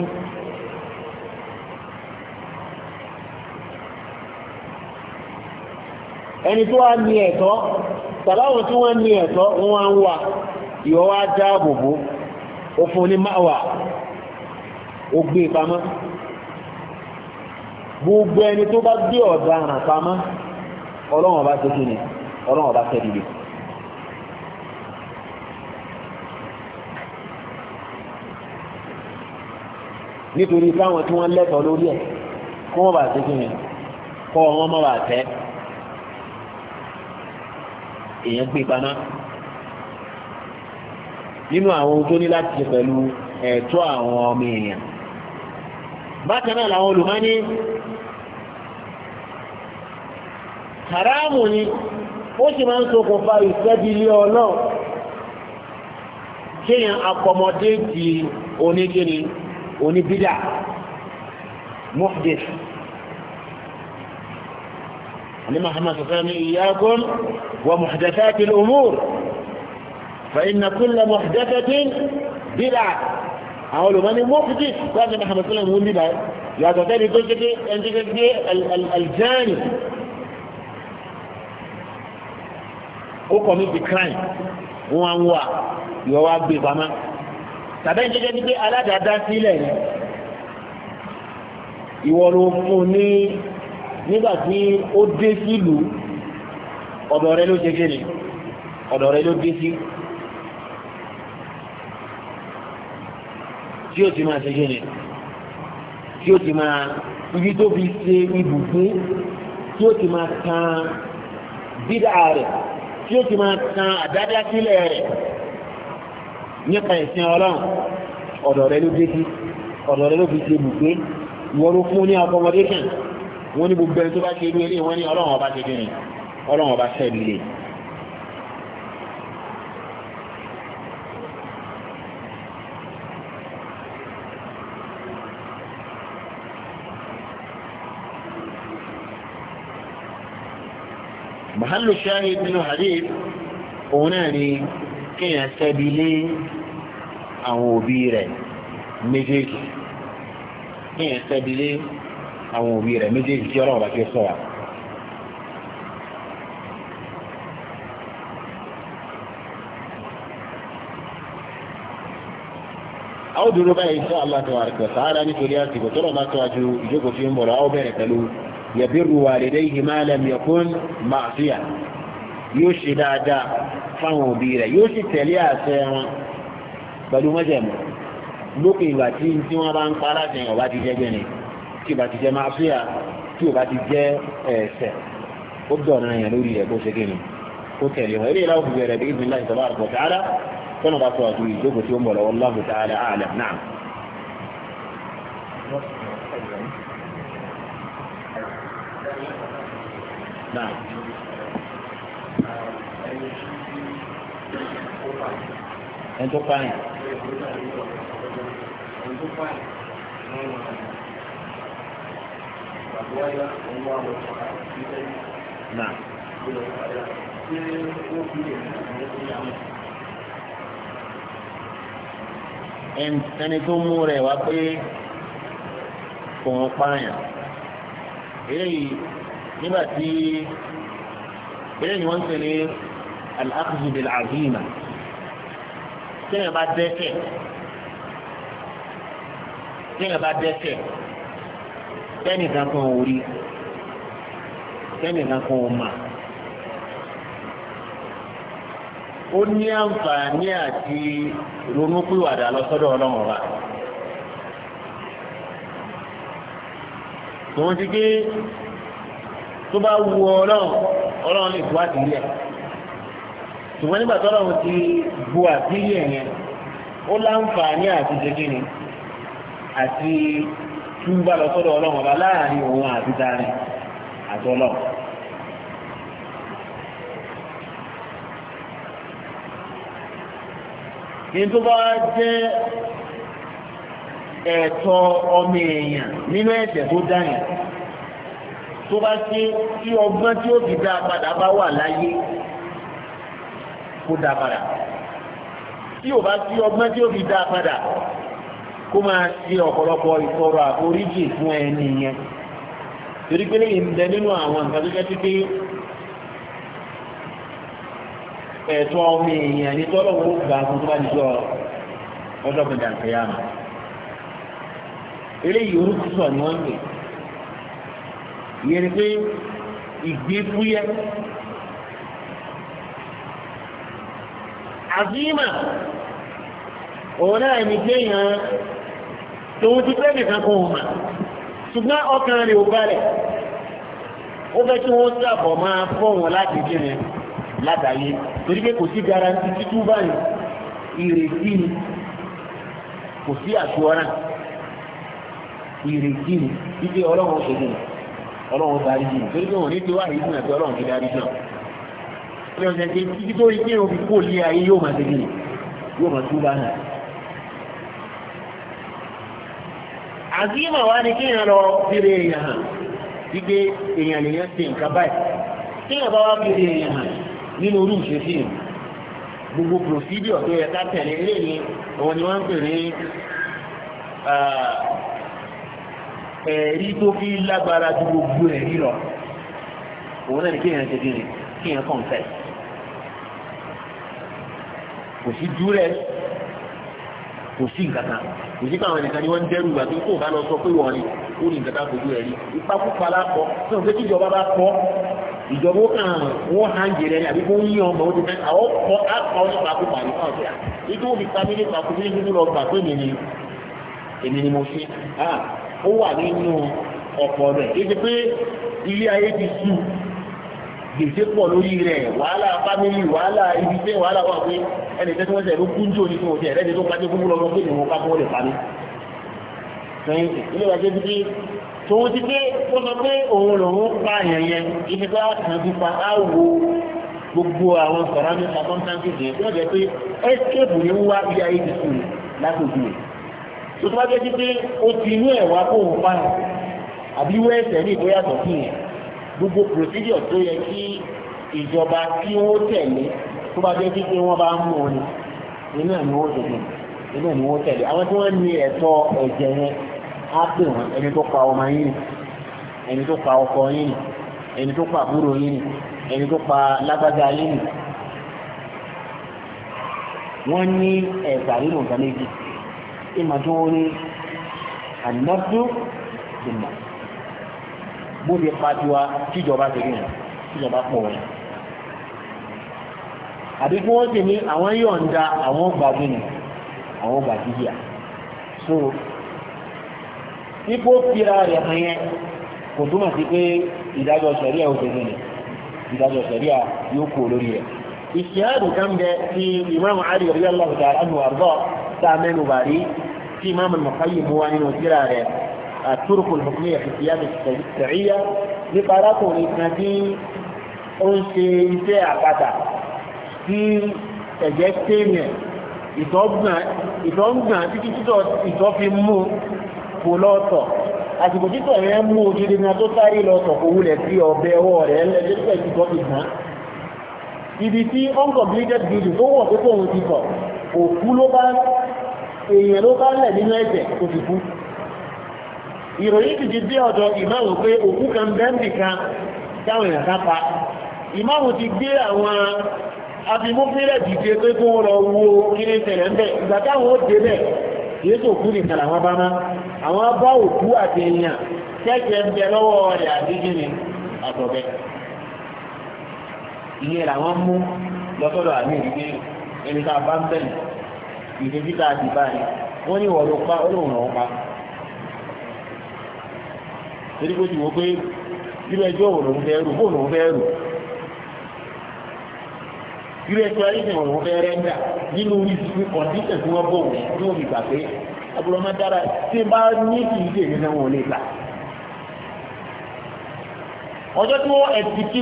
ẹni tó wá ní ẹ̀tọ́ tàbáwọn tí wọ́n ní ẹ̀tọ́ wọ́n wá ń wà ìwọ́ wá dáàbòbò ó fún ní máa wà ó gbé pamọ́ gbogbo ẹni tó bá gbé ọ̀daràn pamọ́ ọlọ́wọ̀n bá tẹ́kí ni ọlọ́wọ̀n bá tẹ́dìlé nítorí káwọn tí wọ́n lẹ́tọ̀ọ́ lórí ẹ̀ kọ́ wọ́n bá tẹ́kí ni kọ́ wọ́n mọ́ bá tẹ́ èèyàn gbé paná nínú àwọn ohun tó ní láti ṣe pẹ̀lú ẹ̀tọ́ àwọn ọmọ èèyàn bákan náà làwọn olùmọ́ ní haramu ni ó sì máa ń ṣokùnfà ìṣẹ́bílé ọ̀nà kíyàn akọmọdé di onígíní oníbídà muhdith ni Muhammad sọ́sọ́ni iyyakum wa muhdathati al-umur fa inna kulla muhdathatin bídà àwọn olùmọ́ ni muhdith láti Muhammad sọ́sọ́ni mú bídà yàtọ̀ tẹ́lẹ̀ tó kéde ẹni tó kéde aljani ó commit the crime wọn á ń wà ìwọ wá gbé pamọ́ tàbí ẹni jẹ́jẹ́ wípé aládàáda sílẹ̀ ni ìwọ ló fún ní nígbà tí ó dé sílùú ọ̀dọ̀ rẹ ló ṣe kéde ọ̀dọ̀ rẹ ló dé sí tí ó ti máa ṣe kéde tí ó ti máa ibi tó fi ṣe ibùgbé tí ó ti máa kan bídà rẹ̀ tí ó ti máa kan àdájá sílẹ̀ rẹ̀ nípa ìsìn ọlọ́run ọ̀dọ̀ rẹ̀ ló dé sí ọ̀dọ̀ rẹ̀ ló fi ṣe bùgbé wọ́n ló fún ní accommodation wọ́n ní gbogbo ẹni tó bá ṣe irú eré wọ́n ní ọlọ́run ọba ṣe kí ọlọ́run ọba ṣẹ́ líle mahallu shahid nínú hadith òun náà ni kíyàn sẹ́bi lé àwọn òbí rẹ̀ méjèèjì kíyàn sẹ́bi lé àwọn òbí rẹ̀ méjèèjì tí ọlọ́run bá fi sọ wa. a ó dúró báyìí sọ aláàtọ̀ àrẹ̀kọ̀ sáárá nítorí àsìkò tó lọ́ọ́ bá tọ́jú ìjókòó tí ń bọ̀ lọ bẹ̀rẹ̀ pẹ̀lú yẹ̀bírù wàlídayhi ma lam yakun ma'siya yóò ṣe dáadáa fáwọn òbí rẹ̀ yóò sì tẹ̀lé àṣẹ wọn pẹ̀lú mọ́jẹ̀mọ́ lókè ìgbà tí tí wọ́n bá ń pa aláṣẹ ọba ti jẹ́ gbẹ̀rẹ̀ tí ọba ti jẹ́ ma'siya tí ọba ti jẹ́ ẹ̀ṣẹ̀ ó dọ̀nà yẹn lórí rẹ̀ bó ṣe kí ni ó tẹ̀lé wọn eré ìlàwọ̀ bẹ̀rẹ̀ bí ibi láì sọ̀rọ̀ àrùkọ̀ tààrà tọ́nà bá sọ àdúrà ìjókòó tí ó ń bọ̀ lọ́wọ́ lọ́wọ́ tààrà àlẹ́ náà. náà. ẹni tó pààyàn. ẹni tó pààyàn. Náà. Ẹni tó mú rẹ̀ wá pé kò ń pààyàn. Eléyìí nígbà tí eré ni wọ́n ń pè ní al-akhdhu bil-'azima téèyàn bá dẹ́ṣẹ̀ téèyàn bá dẹ́ṣẹ̀ tẹ́nìkan kan ò rí tẹ́nìkan kan ò mà ó ní àǹfààní àti ronúpìwàdà lọ́sọ́dọ̀ ọlọ́run ọba. tòun ti gé tó bá wu ọlọ́run ọlọ́run lè bu àdìrí ẹ̀ ṣùgbọ́n nígbà tó ọlọ́run ti bu àdìrí ẹ̀ yẹn ó láǹfààní àti jẹgínì àti túbà lọ sọ́dọ̀ ọlọ́run ọba láàrin òun àti dáre àti ọlọ́run. ní tó bá jẹ́ ẹ̀tọ́ ọmọ èèyàn nínú ẹ̀jẹ̀ tó dáyàn tó bá ṣe tí ọgbọ́n tí ó fi dá padà bá wà láyé kó dá padà tí ò bá sí ọgbọ́n tí ó fi dá padà kó máa ṣe ọ̀pọ̀lọpọ̀ ìtọrọ àforíjì fún ẹni yẹn torí pé lẹ́yìn ń bẹ nínú àwọn nǹkan tó jẹ́ títí ẹ̀tọ́ ọmọ èèyàn ní tọ́lọ̀ owó gbà fún tó bá di sọ ọjọ́ gbọ̀dà àkẹyàmù eléyìí orúkúsọ ni wọ́n ń pè ìyẹn ni pé ìgbéfúyẹ́ àzímà òun náà ní gbéyàn tòun ti pẹ́ nìkan kan mà ṣùgbọ́n ọkàn rẹ̀ ò balẹ̀ ó fẹ́ kí wọ́n sàbọ̀ máa fọ́wọ́n láti jẹ́rẹ̀ látàyé torí pé kò sí garanti títú báyìí ìrètí ni kò sí àṣùwọ́ràn ìrètí ni wípé ọlọ́run ṣe nìyẹn ọlọ́run darí jù torí pé òun ní tí wá yìí fún ẹ̀fẹ́ ọlọ́run ti darí jù ní ọ̀sẹ̀ tí títí tó rí pé òun fi kó lé ayé yóò máa tẹ̀lé yóò máa tún bá náà. àzímọ̀ wá ní kéèyàn lọ fèrè èèyàn hàn wípé èèyàn lèèyàn ṣe nǹkan báyìí kéèyàn bá wá fèrè èèyàn hàn nínú orú ìṣesí yìí gbogbo procedure tó yẹ ká tẹ̀lé eléyìí òun ni wọ́n ń pè ní ẹ̀rí tó fi lágbára ju gbogbo ẹ̀rí lọ òun náà ni kéèyàn ṣe kí ni kàn fẹ́ kò sí dúrẹ́ kò sí nǹkan kò sí káwọn ẹnìkan ni wọ́n ń dẹ́rù ìgbà tó kò bá lọ sọ pé wọ́n ni ó ní nǹkan kan fojú ẹ̀ rí ìpakúpa lápọ̀ tí wọ́n fẹ́ kí ìjọba bá kọ́ ìjọba ó kàn wọ́n hàn jèrè àbí wọ́n ń yàn ọmọ ó ti fẹ́ àwọn kọ́ àkọ́ nípa kúpa nípa ọ̀sẹ̀ à ètò òbí pa mí ó wà nínú ọ̀pọ̀ rẹ̀ kéde pé ilé ayé ti sú gbèsè pọ̀ lórí rẹ̀ wàhálà fámìlì wàhálà ibi tẹ́ wàhálà wà pé ẹni tẹ́ tí wọ́n tẹ̀ ló kú jò ní fún òtí ẹ̀rẹ́ni tó pàdé kúkú lọ́wọ́ pé ìwọ̀n pápá wọ́n lè parí. sẹ́yìn ilé wa ṣe ti pé tòun ti pé ó sọ pé òun lòun pa àyàn yẹn ibi tó á kàn fún pa á wo gbogbo àwọn sọ̀rọ̀ nípa kọ́ńtántì yẹn tó jẹ́ pé escape ni wá bí ayé ti sùn látòjú tó tó bá jẹ́ títí ó ti inú ẹ̀ wá kó o fa ẹ̀ àbí wọ́n ẹ̀sẹ̀ ní ìbóyá tó fi yẹn gbogbo procedure tó yẹ kí ìjọba tí wọ́n tẹ̀lé tó bá jẹ́ títí wọ́n bá ń mú un iná ni wọ́n tẹ̀lé iná ni wọ́n tẹ̀lé àwọn tí wọ́n ní ẹ̀tọ́ ẹ̀jẹ̀ yẹn á pè wọ́n ẹni tó pa ọmọ yín ni ẹni tó pa ọkọ yín ni ẹni tó pa àbúrò yín ni ẹni tó pa lágbájá yín ni wọ́n ní ẹ̀sà ìmọ̀ tó ní ànọ́dún ìmọ̀ bó lè pàtíwá tíjọba tẹ̀lé wọn tíjọba pọ̀ wọn àbí kí wọ́n sì ní àwọn yọ̀ǹda àwọn gbàgbìnì àwọn gbàgbìyà so ipò fira rẹ̀ hàn yẹn kò túmọ̀ sí pé ìdájọ́ sẹ̀ríà òṣèlú ni ìdájọ́ sẹ̀ríà yóò kú lórí rẹ̀ ìṣìhádù kan bẹ ti ìmáàmù Ali radiyallahu ta'ala anhu àrùbọ̀ tá a mẹ́nu bà rí tí ìmáàmù al-Muqayyim mú wa nínú síra rẹ̀ àtúrùkù al-hukmiyya fi qiyam as-shar'iyya nípa arákùnrin kan tí ó ń ṣe iṣẹ́ àpáta tí ẹ̀jẹ̀ téèyàn ìtọ́gbọ̀n títọ̀ rẹ̀ mú òjìdí na tó sáré lọ́ọ̀tọ̀ kò wulẹ̀ sí ọ̀bẹ ọwọ́ rẹ̀ lẹ́lẹ́sẹ̀ ìtọ́ fi ibi tí uncompleted building tó wọ̀ tó tó òun ti kọ̀ òkú ló bá èèyàn ló bá lẹ̀ nínú ẹ̀jẹ̀ tó ti kú ìròyìn ti di dé ọ̀dọ̀ ìmáàmù pé òkú kan bẹ́ẹ̀mì kan táwọn èèyàn ká pa ìmáàmù ti gbé àwọn abimúfílẹ̀ dìde pé kó lọ wo kí ní ṣẹlẹ̀ ń bẹ̀ ìgbà táwọn ó dé bẹ̀ kìí tó kú nìkan làwọn bá má àwọn bá òkú àti èèyàn tẹ́jẹ̀ ń bẹ lọ́wọ́ rẹ̀ àdíjì àtọ̀bẹ̀ ìyẹn làwọn mú lọ́sọ̀dọ̀ àmì a bá ń a ti bá ní wọ́n ní wọ́n ló pa olóhùn náà pa torí pé tìwọ́ pé irú ẹjọ́ òun lòún fẹ́ rù bóun lòún fẹ́ rù irú ẹjọ́ ayéṣẹ́ òun lòún fẹ́ rẹ́ńdà nínú ìsìnkú kọ̀ǹdíṣẹ̀ tí wọ́n bọ̀ wọ́n ní òun ìgbà pé àbúrò máa dára tí n bá ní kì í dè nínú wọn lè gbà ọjọ́ tí wọ́n ẹ̀dìkì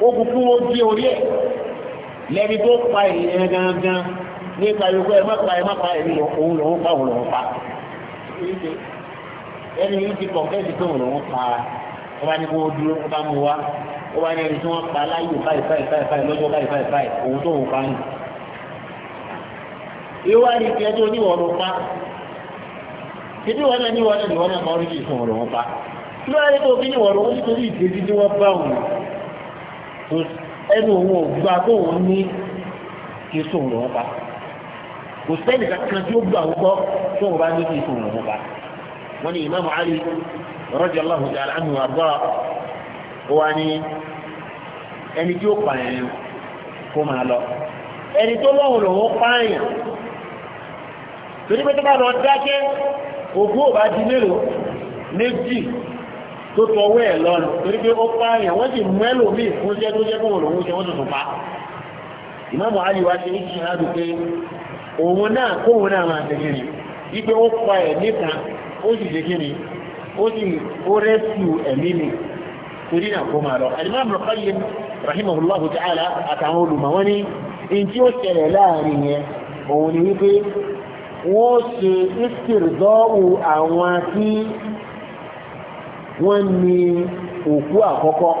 ogun fún wọn gé orí ẹ̀ lẹ́ni tó pa èèyàn gangan nípa ìwé ẹ̀ mọ́pa ẹ̀ mọ́pa ẹ̀mí òun lòun pa òun lòun pa ẹni yìí ti kọ̀ǹkẹ́sì pé òun lòun pa wọ́n bá ní kó dúró wọ́n bá mú wa wọ́n bá ní ẹni tí wọ́n pa láyé báyìí báyìí báyìí báyìí lọ́jọ́ báyìí báyìí báyìí òun tó òun pa nù ìwádìí tiẹ̀ tó níwọ̀n ló pa títí wọn náà níwọ̀n náà níwọ̀n náà máa ń rí ìsọ̀rọ̀ wọn pa ẹnu òun ò gba tó òun ní kí sóun lòun pa kò sẹ́ni kankan tí ó gbà ń gbọ́ tóun bá ní kí sóun lòun pa wọ́n ní Imam Ali radiyallahu ta'ala anhu àgbà wa ní ẹni tí ó pààyàn kó máa lọ ẹni tó lọ́hùn lòun pààyàn torí pé tó bá lọ dákẹ́ òkú bá di mélòó méjì tó tọwọ́ ẹ̀ lọ́nà torí pé ó pààyàn wọ́n sì mú ẹlòmí fún jẹ́ tó jẹ́ kó wọ́n lòun ṣe wọ́n tuntun pa ìmáàmù Àlí wá ṣe ìṣẹ́ láti pé òun náà kóhun náà máa ṣe kiri wípé ó pa ẹ̀ níta ó sì ṣe kiri ó sì ó rẹ́sù ẹ̀mí mi torí náà kó máa lọ Al-Imam al ta'ala àtàwọn olùmọ̀ wọn ní in tí ó ṣẹlẹ̀ láàrin yẹn òun ni wípé wọ́n ṣe ìṣìrìdọ́wù àwọn tí wọ́n ní òkú àkọ́kọ́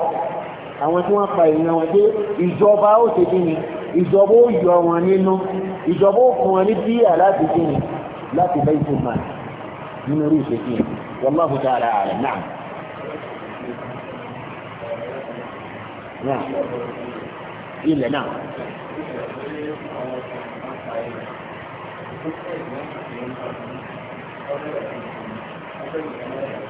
àwọn tí wọ́n pa èèyàn wọn dé ìjọba ó ṣe kíni ìjọba ó yọ wọn nínú ìjọba ó fún wọn ní bíyà láti kíni láti bẹ́ ìtumà nínú orí ìṣèkí wallahu ta'ala ààrẹ náà náà ilẹ̀ náà Thank you.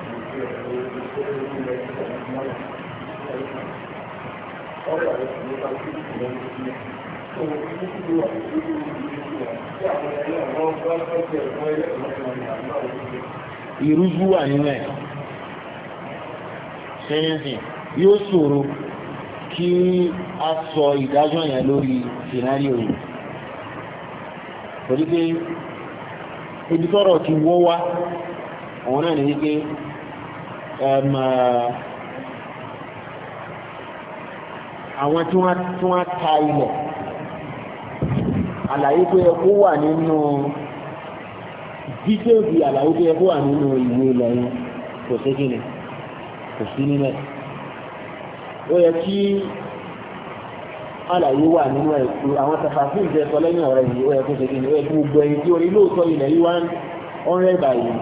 ìrújú wà nínú ẹ̀ ṣẹ́yẹ́sìn yóò ṣòro kí a sọ ìdájọ́ yẹn lórí scenario rẹ̀ torí pé ibi tọ́rọ̀ ti wọ́ òun náà ní wípé àwọn tí wọ́n ta ilẹ̀ àlàyé tó yẹ kó wà nínú dídéèdì àlàyé tó yẹ kó wà nínú ìwé ilẹ̀ yẹn kò sí kí ni kò sí nílẹ̀ ó yẹ kí àlàyé wà nínú ẹ̀kú àwọn tafàfí ìjẹsọ lẹ́yìn ọ̀rẹ́ yìí ó yẹ kó ṣe kí ni ó yẹ kó gbogbo ẹni tí orí lóòótọ́ ilẹ̀ yìí wá ń rẹ́ báyìí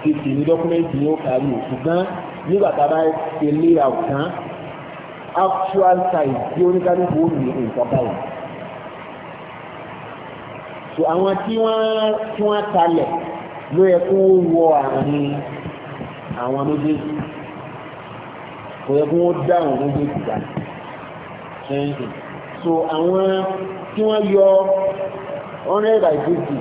ti sì ní dọ́kúmẹ́ntì yóò kárí ṣùgbọ́n nígbà tá a bá ṣe lé àwùjọ actual time tí oníkálukú ó ní nǹkan báyìí so àwọn tí wọ́n tí wọ́n talẹ̀ ló yẹ kó wọ àárín àwọn méjèèjì kò yẹ kó wọ́n dá àwọn méjèèjì dá ṣẹ́yìn so àwọn tí wọ́n yọ hundred by fifty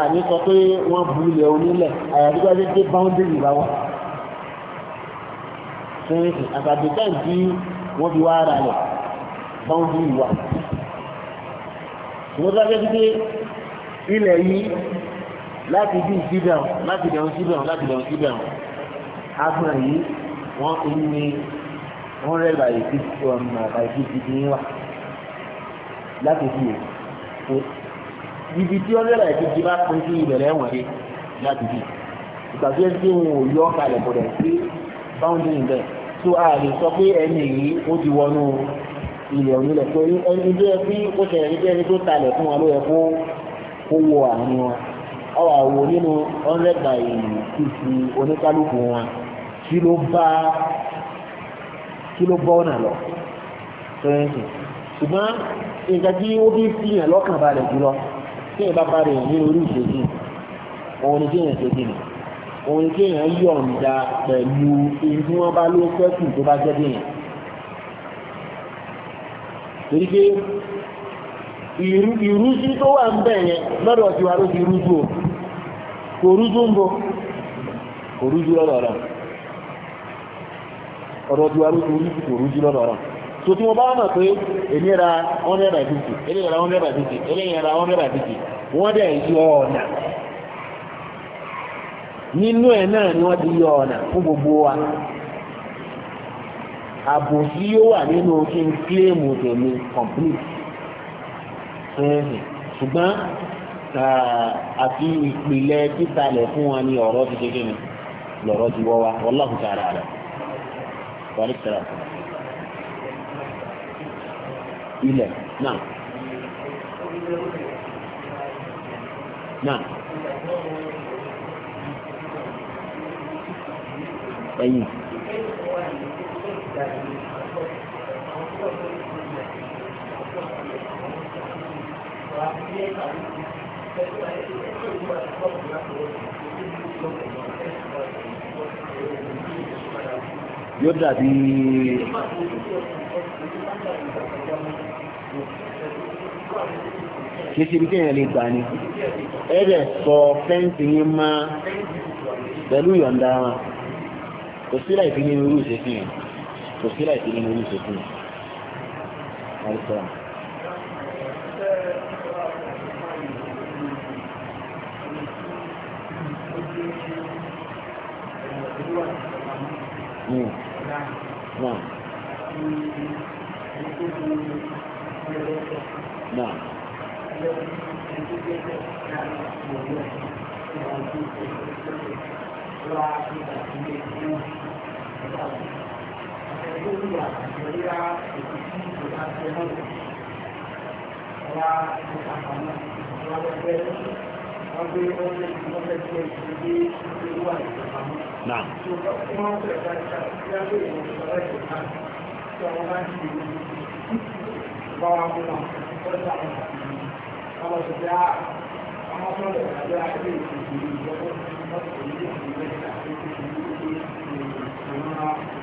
àní sọ pé wọ́n bu ilẹ̀ onílẹ̀ àyàfi tó bá dé dé boundary bá wà fún àtàdétàn tí wọ́n fi wá ara rẹ̀ bọ́ńdì ìwà wọ́n tó jẹ́ pé ilẹ̀ yìí láti bí síbẹ̀ láti dẹ̀rùn síbẹ̀ láti dẹ̀rùn síbẹ̀ agbọ̀n yìí wọ́n fi ní wọ́n rẹ̀ bàyè tí ọmọ bàyè tí ti ní wà láti fi èkó ibi tí ó kalẹ̀ bọ̀dẹ̀ sí báwọn dé tó a lè sọ pé ẹni yìí ó ti wọnú ilẹ̀ onílẹ̀ tó ẹni tó yẹ kí ó ṣẹlẹ̀ ní bí ẹni tó talẹ̀ fún wọn ló yẹ kó kó wọ àárín wọn ọwọ́ àwò nínú hundred by fifty oníkálukú wọn kí ló bá kí ló bọ́ ọ̀nà lọ tẹ́ǹtì ṣùgbọ́n nǹkan tí ó bí fìyàn lọ́kàn balẹ̀ jùlọ tí ìbá bá rẹ̀ nínú orí ìṣèjì òun ni kí èèyàn ṣe kí ni òun kéèyàn yọ̀ǹda pẹ̀lú ohun tí wọ́n bá ló fẹ́kù tó bá jẹ́ déèyàn. torí pé ìrújú tó wà ń bẹ̀ yẹn lọ́dọ̀ tiwa ló ti rújú o kò rújú ń bo kò rújú lọ́dọ̀ rẹ̀ ọ̀dọ̀ tiwa ló ti rújú kò rújú lọ́dọ̀ rẹ̀ so tí wọ́n bá mọ̀ pé èmi ra 150 eléyìí ra 150 eléyìí ra 150 wọ́n dẹ̀ yọ ọ̀nà nínú ẹ̀ náà ni wọ́n ti yọ ọ̀nà fún gbogbo wa ààbò tí yóò wà nínú kí n kílèmù tèmi complete ṣùgbọ́n àti ìpìlẹ̀ títalẹ̀ fún wọn ni ọ̀rọ̀ ti ṣe kíni lọ̀rọ̀ ti wọ́ wa wallahu ta'ala rẹ̀ wọ́n ilẹ̀ náà náà. ẹ̀yìn. yóò dàbí kìí ṣe ibi tí èèyàn lè gbà ní ẹ̀rẹ̀ sọ fẹ́ǹsì yín máa pẹ̀lú ìyọ̀ǹda wọn kò sí láìpín nínú irú ìṣesí yìí kò sí láìpín nínú irú ìṣesí yìí. Mm. No. No. No. Naam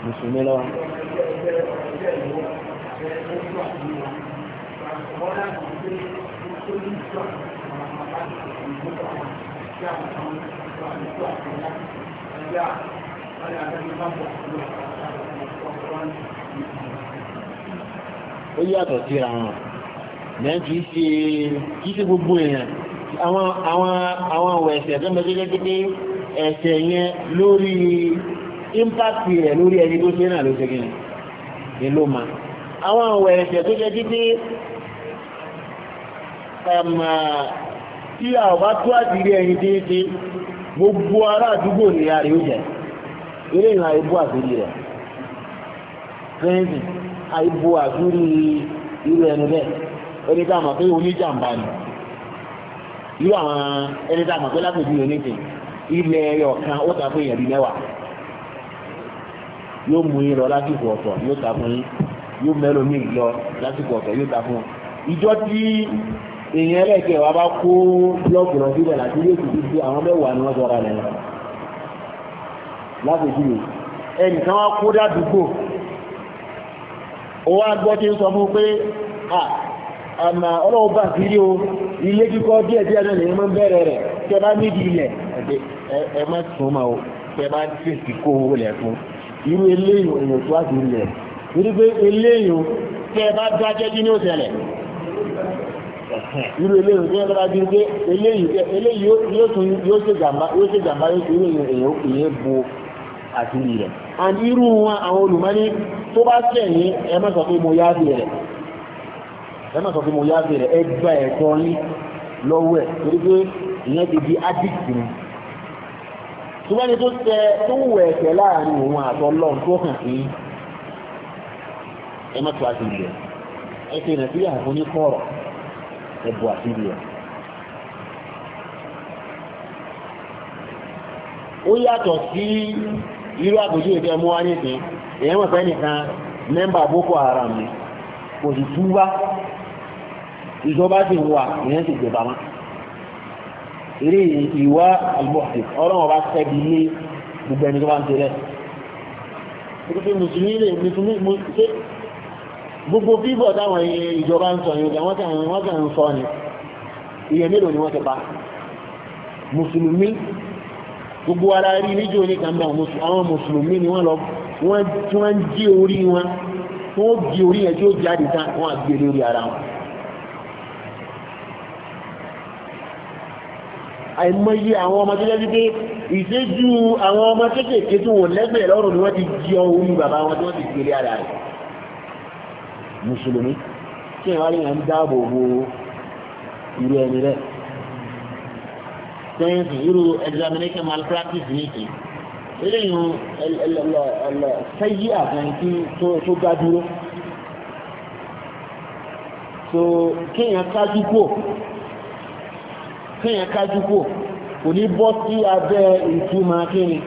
mùsùlùmí lọ. ó yàtọ̀ síra wọn lẹ́yìn kìí ṣe gbogbo èèyàn àwọn àwọn àwọn ọ̀wọ̀ ẹ̀sẹ̀ tó mẹ́jọ gẹ́gẹ́ ẹ̀sẹ̀ yẹn lórí impact rẹ̀ lórí ẹni tó ṣe náà ló ṣe gẹ́gẹ́ ni ló ma àwọn ọ̀wọ̀ ẹ̀sẹ̀ tó jẹ́ títí tí a ọba tó àdìrí ẹni tí ń ṣe gbogbo ará àdúgbò ní àrí ó jẹ eré ìlànà ibú àdúrí rẹ̀ fẹ́ǹsì àìbò àdúrí irú ẹnu bẹ́ẹ̀ oníkàmọ̀ pé oníjàmbá ni irú àwọn ẹni tá a mọ̀ pé lápòjú yóò ní ìsìn ilẹ̀ ọ̀kan ó ta fún èèyàn bíi mẹ́wàá yóò mú yín lọ lásìkò ọ̀tọ̀ yóò ta fún yín yóò mẹ́lò mí lọ lásìkò ọ̀tọ̀ yóò ta fún ìjọ tí èèyàn ẹlẹ́kẹ̀ẹ́ wa bá kó blọ́ọ̀kì lọ síbẹ̀ láti ilé ìtìtì sí àwọn mẹ́wàá ni wọ́n sọ̀rọ̀ lẹ́yìn lápòjú yìí ẹnìkan wá kó dádùúgbò ó wá gbọ́ tí ń sọ fún pé àmà ọlọ́wọ́ bá sí rí o ilé kíkọ́ díẹ̀ díẹ̀ náà lè máa bẹ̀rẹ̀ rẹ̀ ọ bá níbi ilẹ̀ ẹ má sùn máa o tẹ bá fèsì kó o lẹ̀ fún irú eléyìn èèyàn tó ilẹ̀ bá dájẹ́ jí ní òtẹ̀lẹ̀ irú eléyìn bá pé eléyìn yóò ṣe jàmbá yóò ṣe jàmbá yóò èèyàn èèyàn àti ilẹ̀ and irú wọn àwọn olùmọ́ni tó bá ẹ má sọ pé mo yá ẹ má sọ pé mo yá bẹ̀rẹ̀ ẹ gba yín lọ́wọ́ ẹ̀ torí pé ìyẹn ti di addict ni ṣùgbọ́n ẹni tó tẹ tó wù ẹ̀tẹ̀ láàrin òun àtọ́ lọ́n tó hàn sí ẹ má tó àti ilẹ̀ ẹ ṣe nàìjíríà fún ní kọ̀rọ̀ ẹ bọ̀ àti ilẹ̀. ó yàtọ̀ sí irú àbójú èdè ọmọ wa nìkan èèyàn mọ̀ pé nìkan mẹ́mbà Boko Haram ni kò sì túbá ìjọba sì wà ìyẹn sì jọba mọ́ eré ìwà àlùbọ̀sì ọlọ́run bá sẹ́bi lé gbogbo ẹni tó bá ń tẹ̀lẹ̀ pé mùsùlùmí lè mùsùlùmí ṣe gbogbo fífọ̀ táwọn ìjọba ń sọ yìí ọjà wọ́n kàn ń sọ ni iye mélòó ni wọ́n ti pa mùsùlùmí gbogbo ara rí níjó ní kàmbá àwọn mùsùlùmí ni wọ́n lọ wọ́n jí orí wọn wọ́n jí orí ẹ̀ tí ó jáde tán wọ́n àgbèrè orí ara wọn àìmọye àwọn ọmọ tó jẹ́ wípé ìṣẹ́jú àwọn ọmọ kéékèèké tó wọ́n lẹ́gbẹ̀ẹ́ lọ́rùn ni wọ́n ti jí orí bàbá wọn tí wọ́n ti gbélé ara rẹ̀ mùsùlùmí tí ìwà ní àwọn dáàbò bo irú ẹni rẹ̀ sẹ́yìnsì irú examination malpractice ní kí eléyìí sẹ́yí àfẹ́yìntì tó ga dúró so kéèyàn kájú kúò kéèyàn kájú kò kò ní bọ́ sí abẹ́ ìtumọ̀ kíni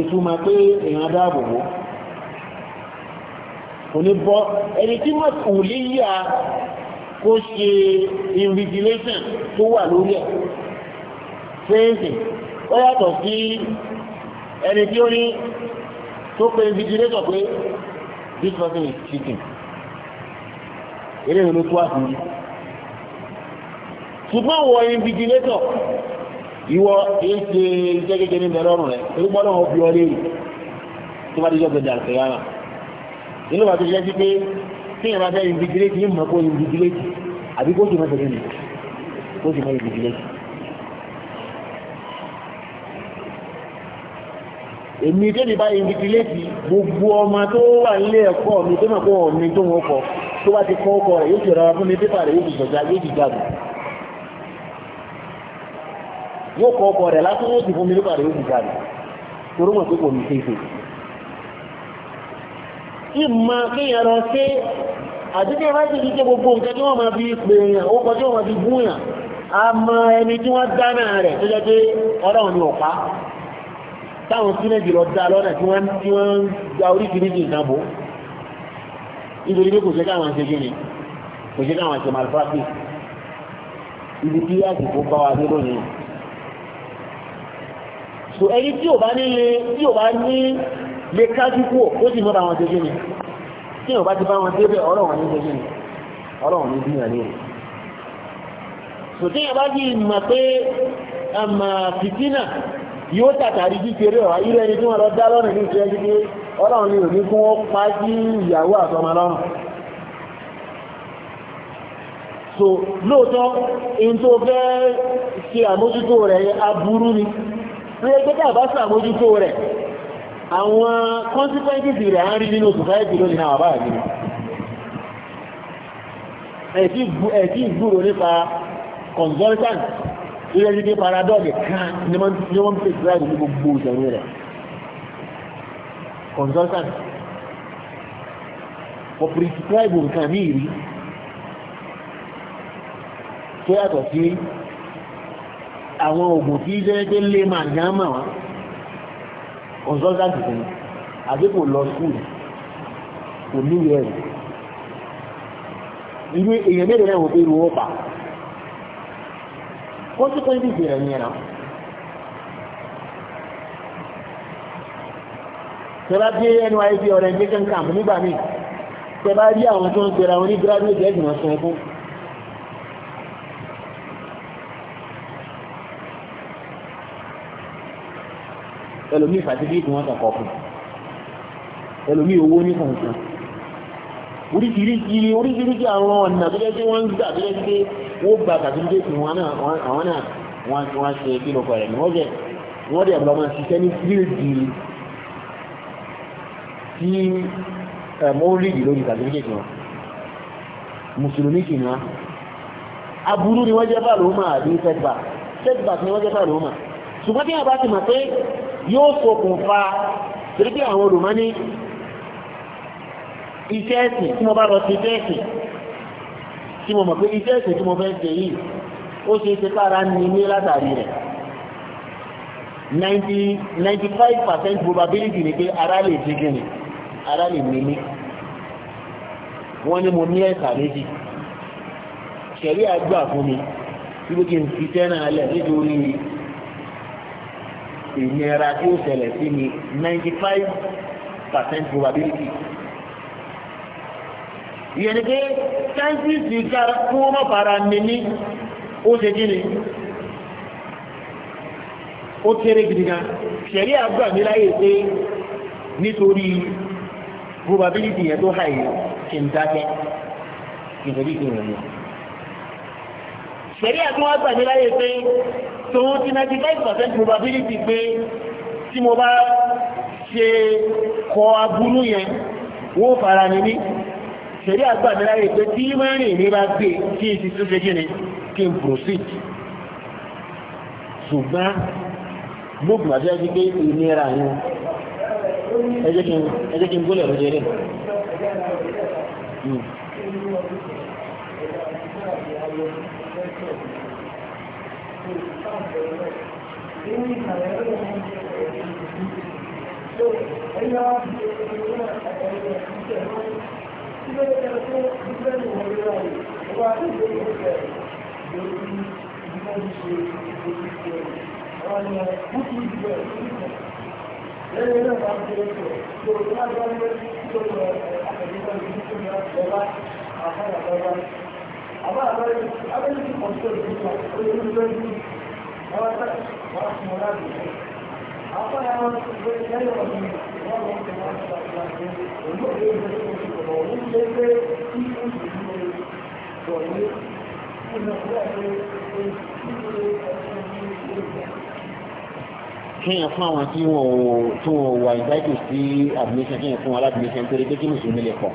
ìtumọ̀ pé èèyàn dáàbò bò kò ní bọ́ ẹni tí mọ̀ kò lè yíya kó ṣe invigilation tó wà lórí ẹ̀ fèèsì ó yàtọ̀ sí ẹni tí ó ní tó pe invigilator pé this person is cheating eré ìlú tó wà sí yìí ṣùgbọ́n wọ invigilator ìwọ èéṣe iṣẹ́ gẹ́gẹ́ ní mẹ́rọ̀rùn rẹ̀ torí gbọ́dọ̀ wọn fi ọlé rù tó bá díjọ́ gbẹ̀dẹ̀ àti yàrá nínú bàtà iṣẹ́ sí pé tí ìyàrá fẹ́ invigilate ní mọ̀ kó invigilate àbí kó sì mọ̀ tẹ̀lé mi kó sì mọ̀ invigilate. èmi tẹ́lẹ̀ bá invigilate gbogbo ọmọ tó wà nílé ẹ̀kọ́ mi tó mọ̀ kó wọn mi tó wọn kọ tó bá ti kọ́ ọkọ rẹ̀ yóò ti yóò kọ ọkọ rẹ̀ lásán yóò sì fún mi nípa rẹ̀ yóò sì jáde torí mọ̀ pé kò ní ṣe é ṣe. ìmọ̀ kéèyàn lọ ṣe àti tí wọ́n ti fi ṣe gbogbo nǹkan tí wọ́n máa fi pè èèyàn ó kọjú wọn fi gún yàn a mọ ẹni tí wọ́n dáná rẹ̀ tó jẹ́ pé ọlọ́run ni ọ̀pá táwọn sínẹ́jì lọ dá lọ́nà tí wọ́n ti wọ́n gba oríṣiríṣi ìdánbò nítorí pé kò ṣe káwọn ṣe kí ni kò ṣe káwọn ṣe malpractice ibi tí àsìkò bá wa dé lónìí so ẹni tí ò bá nílé tí ò bá ní lè kájú kú ó sì mọ́ra wọn tẹ́jú ni tí ò bá ti bá wọn débẹ̀ ọlọ́wọ̀n ní tẹ́jú ni ọlọ́wọ̀n ní dúnyà ní rẹ̀ so tí ìyàbá bí mọ̀ pé àmà um, fìtínà yóò tàtàrí kékeré ọ̀ ayé ẹni tí wọ́n lọ dá lọ́nà ní ìṣẹ́ ti pé ọlọ́run ni ò ní kí wọ́n pa sí ìyàwó àtọmọ lọ́rùn so lóòótọ́ in tó fẹ́ ṣe àmójútó rẹ̀ aburú ni tó yẹ pé tàbá sàmójútó rẹ̀ àwọn consequences rẹ̀ ń rí nínú society lónìí náà bá rí ẹ̀tí ìgbúrò nípa consultant ilé ní pé paradox kan ní wọ́n pè sí láti gbogbo ìṣẹ̀rú rẹ̀ consultant for prescribe nǹkan ní ìrí tó yàtọ̀ sí àwọn oògùn tí jẹ́ pé lè máa yán mà wá consultant fún àbí kò lọ school kò níwèé ẹ̀rù irú èèyàn mẹ́rin náà wò pé irú ọ̀pá consequences rẹ̀ ní ẹ̀rọ tẹ́lá dé NYSC orientation camp nígbà míì tẹ́lá rí àwọn tó ń gbéra wọn ní graduate ẹ̀sìn wọn sọ ẹ̀kún ẹlòmí ìfàtíbíìtì wọn kàn kọ̀ọ̀kan ẹlòmí owó ní kọ̀ọ̀kan oríṣiríṣi oríṣiríṣi àwọn ọ̀nà tó jẹ́ pé wọ́n ń gbà tó jẹ́ pé wọ́n gba sàtífíkẹ́tì wọn náà àwọn náà wọ́n ṣe kí ló kọ̀ rẹ̀ ni wọ́n jẹ́ wọ́n dẹ̀ lọ máa ṣiṣẹ́ ní fíìdì tí ni wọ́n jẹ́ bá lóòmà àbí setback setback ni wọ́n jẹ́ bá lóòmà ṣùgbọ́n tí a bá ti mọ̀ pé yóò ṣokùnfà torí pé àwọn olùmọ́ ní iṣẹ́ ẹ̀sìn tí mo bá lọ sí iṣẹ́ ẹ̀sìn tí mo mọ̀ pé iṣẹ́ ẹ̀sìn tí mo fẹ́ ṣe yìí ó ṣe ṣe kára ní ilé látàrí rẹ̀ 90 95% probability ni pé ara lè ṣe kí ni ara lè mi ní wọ́n ní mo ní ẹ̀sà méjì ṣẹ̀rí àgbà fún mi tí ó kí n fi tẹ́ràn alẹ́ nítorí ìnira tí ó ṣẹlẹ̀ sí ni ninety five percent probability. ìyẹn ni pé chances ti kára kí wọ́n mọ̀ fara ni ní ó ṣe kí ni ó kéré gidi gan ṣẹ̀rí àgbà mi láyè pé nítorí probability yẹn tó hàyè kí n dákẹ́ ìfẹ̀lí ìfẹ̀lí ìfẹ̀lí ṣẹ̀rí àti wọ́n gbà mí láyé pé tòun ti ninety five percent probability pé tí mo bá ṣe kọ aburú yẹn wọ́n fara ni mí ṣẹ̀rí àgbà mí láyé pé tí mẹ́rin mi bá gbé kí n ti tún ṣe kí ni kí n proceed ṣùgbọ́n gbogbo àti ẹjẹ́ pé ìnira yẹn ẹjẹ́ kí n gbólẹ̀ lójẹ́ rẹ̀. Àwọn àbáyé, abẹ́lẹ́ ti pọ̀ sí ọ̀dọ́ ìgbà, ó yẹ kí ó lọ́dún kíyàn fún àwọn tí wọn ò wà ìdájò sí admission kíyàn fún aládmission torí pé kí mùsùlùmí lè pọ̀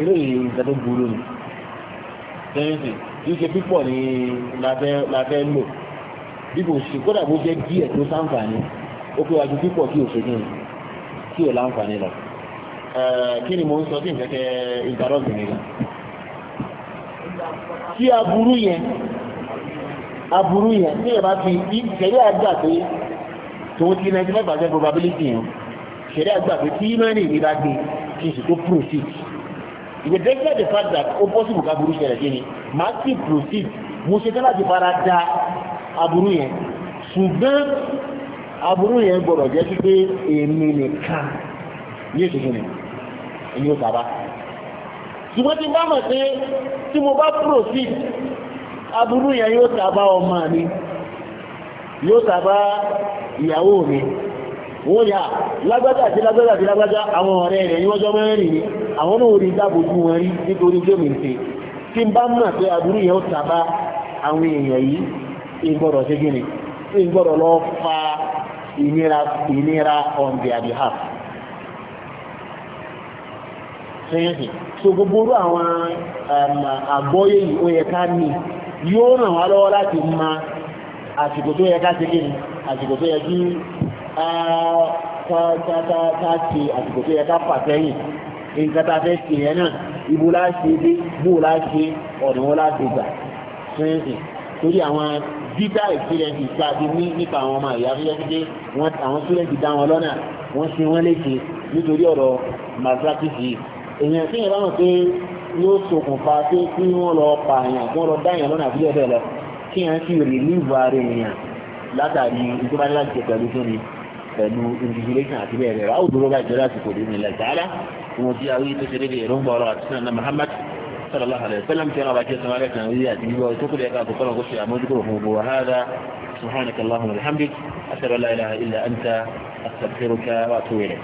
eré ìgbà tó burú ni tẹ́yìn sí kí ṣe pípọ̀ ní labẹ́ lò bí kò ṣe kódà bó jẹ́ díẹ̀ tó sáǹfààní ó pé wájú pípọ̀ kí òṣèlú kí ò láǹfààní lọ. kí ni mo ń sọ sí ìfẹ́kẹ́ ìgbàlọ́gbìn mi gan. tí aburú yẹn aburú yẹn tí ìyẹn bá fi ìṣẹ̀lẹ̀ àgbà pé tòun ti ninety five percent probability yẹn ìṣẹ̀lẹ̀ àgbà pé tí mẹ́rin ìdí bá gbé kí n sì tó proceed ìgbẹ́dẹ́gbẹ́ the fact that ó possible ká burú ṣẹlẹ̀ sí ni màá sì proceed mo ṣe tẹ́lá ti fara da aburú yẹn ṣùgbọ́n aburú yẹn gbọ́dọ̀ jẹ́ sí pé èmi nìkan ní ètò ìṣẹ̀lẹ̀ èmi ò sábà ṣùgbọ́n tí bá mọ̀ pé tí mo bá proceed aburú yẹn yóò sábà ọmọ mi yóò sábà ìyàwó mi wọ́n yà lágbádá àti lágbádá àti lágbádá àwọn ọ̀rẹ́ rẹ̀ ní wọ́jọ́ mẹ́rin ni àwọn náà rí dábòjú wọn rí nítorí jẹ́mìntì tí ń bá mọ̀ pé aburú yẹn ó sábà àwọn èèyàn yìí ìgbọ́dọ̀ ṣe gíní ìgbọ́dọ̀ lọ fa ìnira ìnira on their behalf ṣeéṣe so gbogbo orú àwọn um, àgbọ́yé yìí ó yẹ ká ní yóò ràn wá lọ́wọ́ láti ma àsìkò tó yẹ ká ṣe gíní àsìkò tó yẹ kí ká ṣe àsìkò tó yẹ ká fà sẹ́yìn nǹkan tá a fẹ́ ṣe yẹn náà ibo láṣe dé bó láṣe ọ̀nà wọn láṣe gbà ṣeéṣe torí àwọn dídá ìfilẹ̀sì ìpàdé ní nípa àwọn ọmọ ìyá tó yẹ wọ́n àwọn sílẹ̀sì dá wọn lọ́nà wọ́n ṣe wọ́n léṣe nítorí ọ̀rọ̀ mathematics èèyàn tí ìyẹn bá wọn pé yóò ṣokùnfà pé kí wọ́n lọ pa àyàn kí wọ́n lọ dá àyàn lọ́nà àbílẹ̀ bẹ́ẹ̀ lọ kí wọ́n sì rìlíìvù ara èèyàn látàrí ìtúbálẹ̀ láti ṣe pẹ̀lú Muhammad صلى الله عليه وسلم في رابعة سماريات نوزيات يقول تقول يا قاتل قلنا قلت يا مذكره وهذا سبحانك اللهم وبحمدك أشهد أن لا إله إلا أنت أستغفرك وأتوب إليك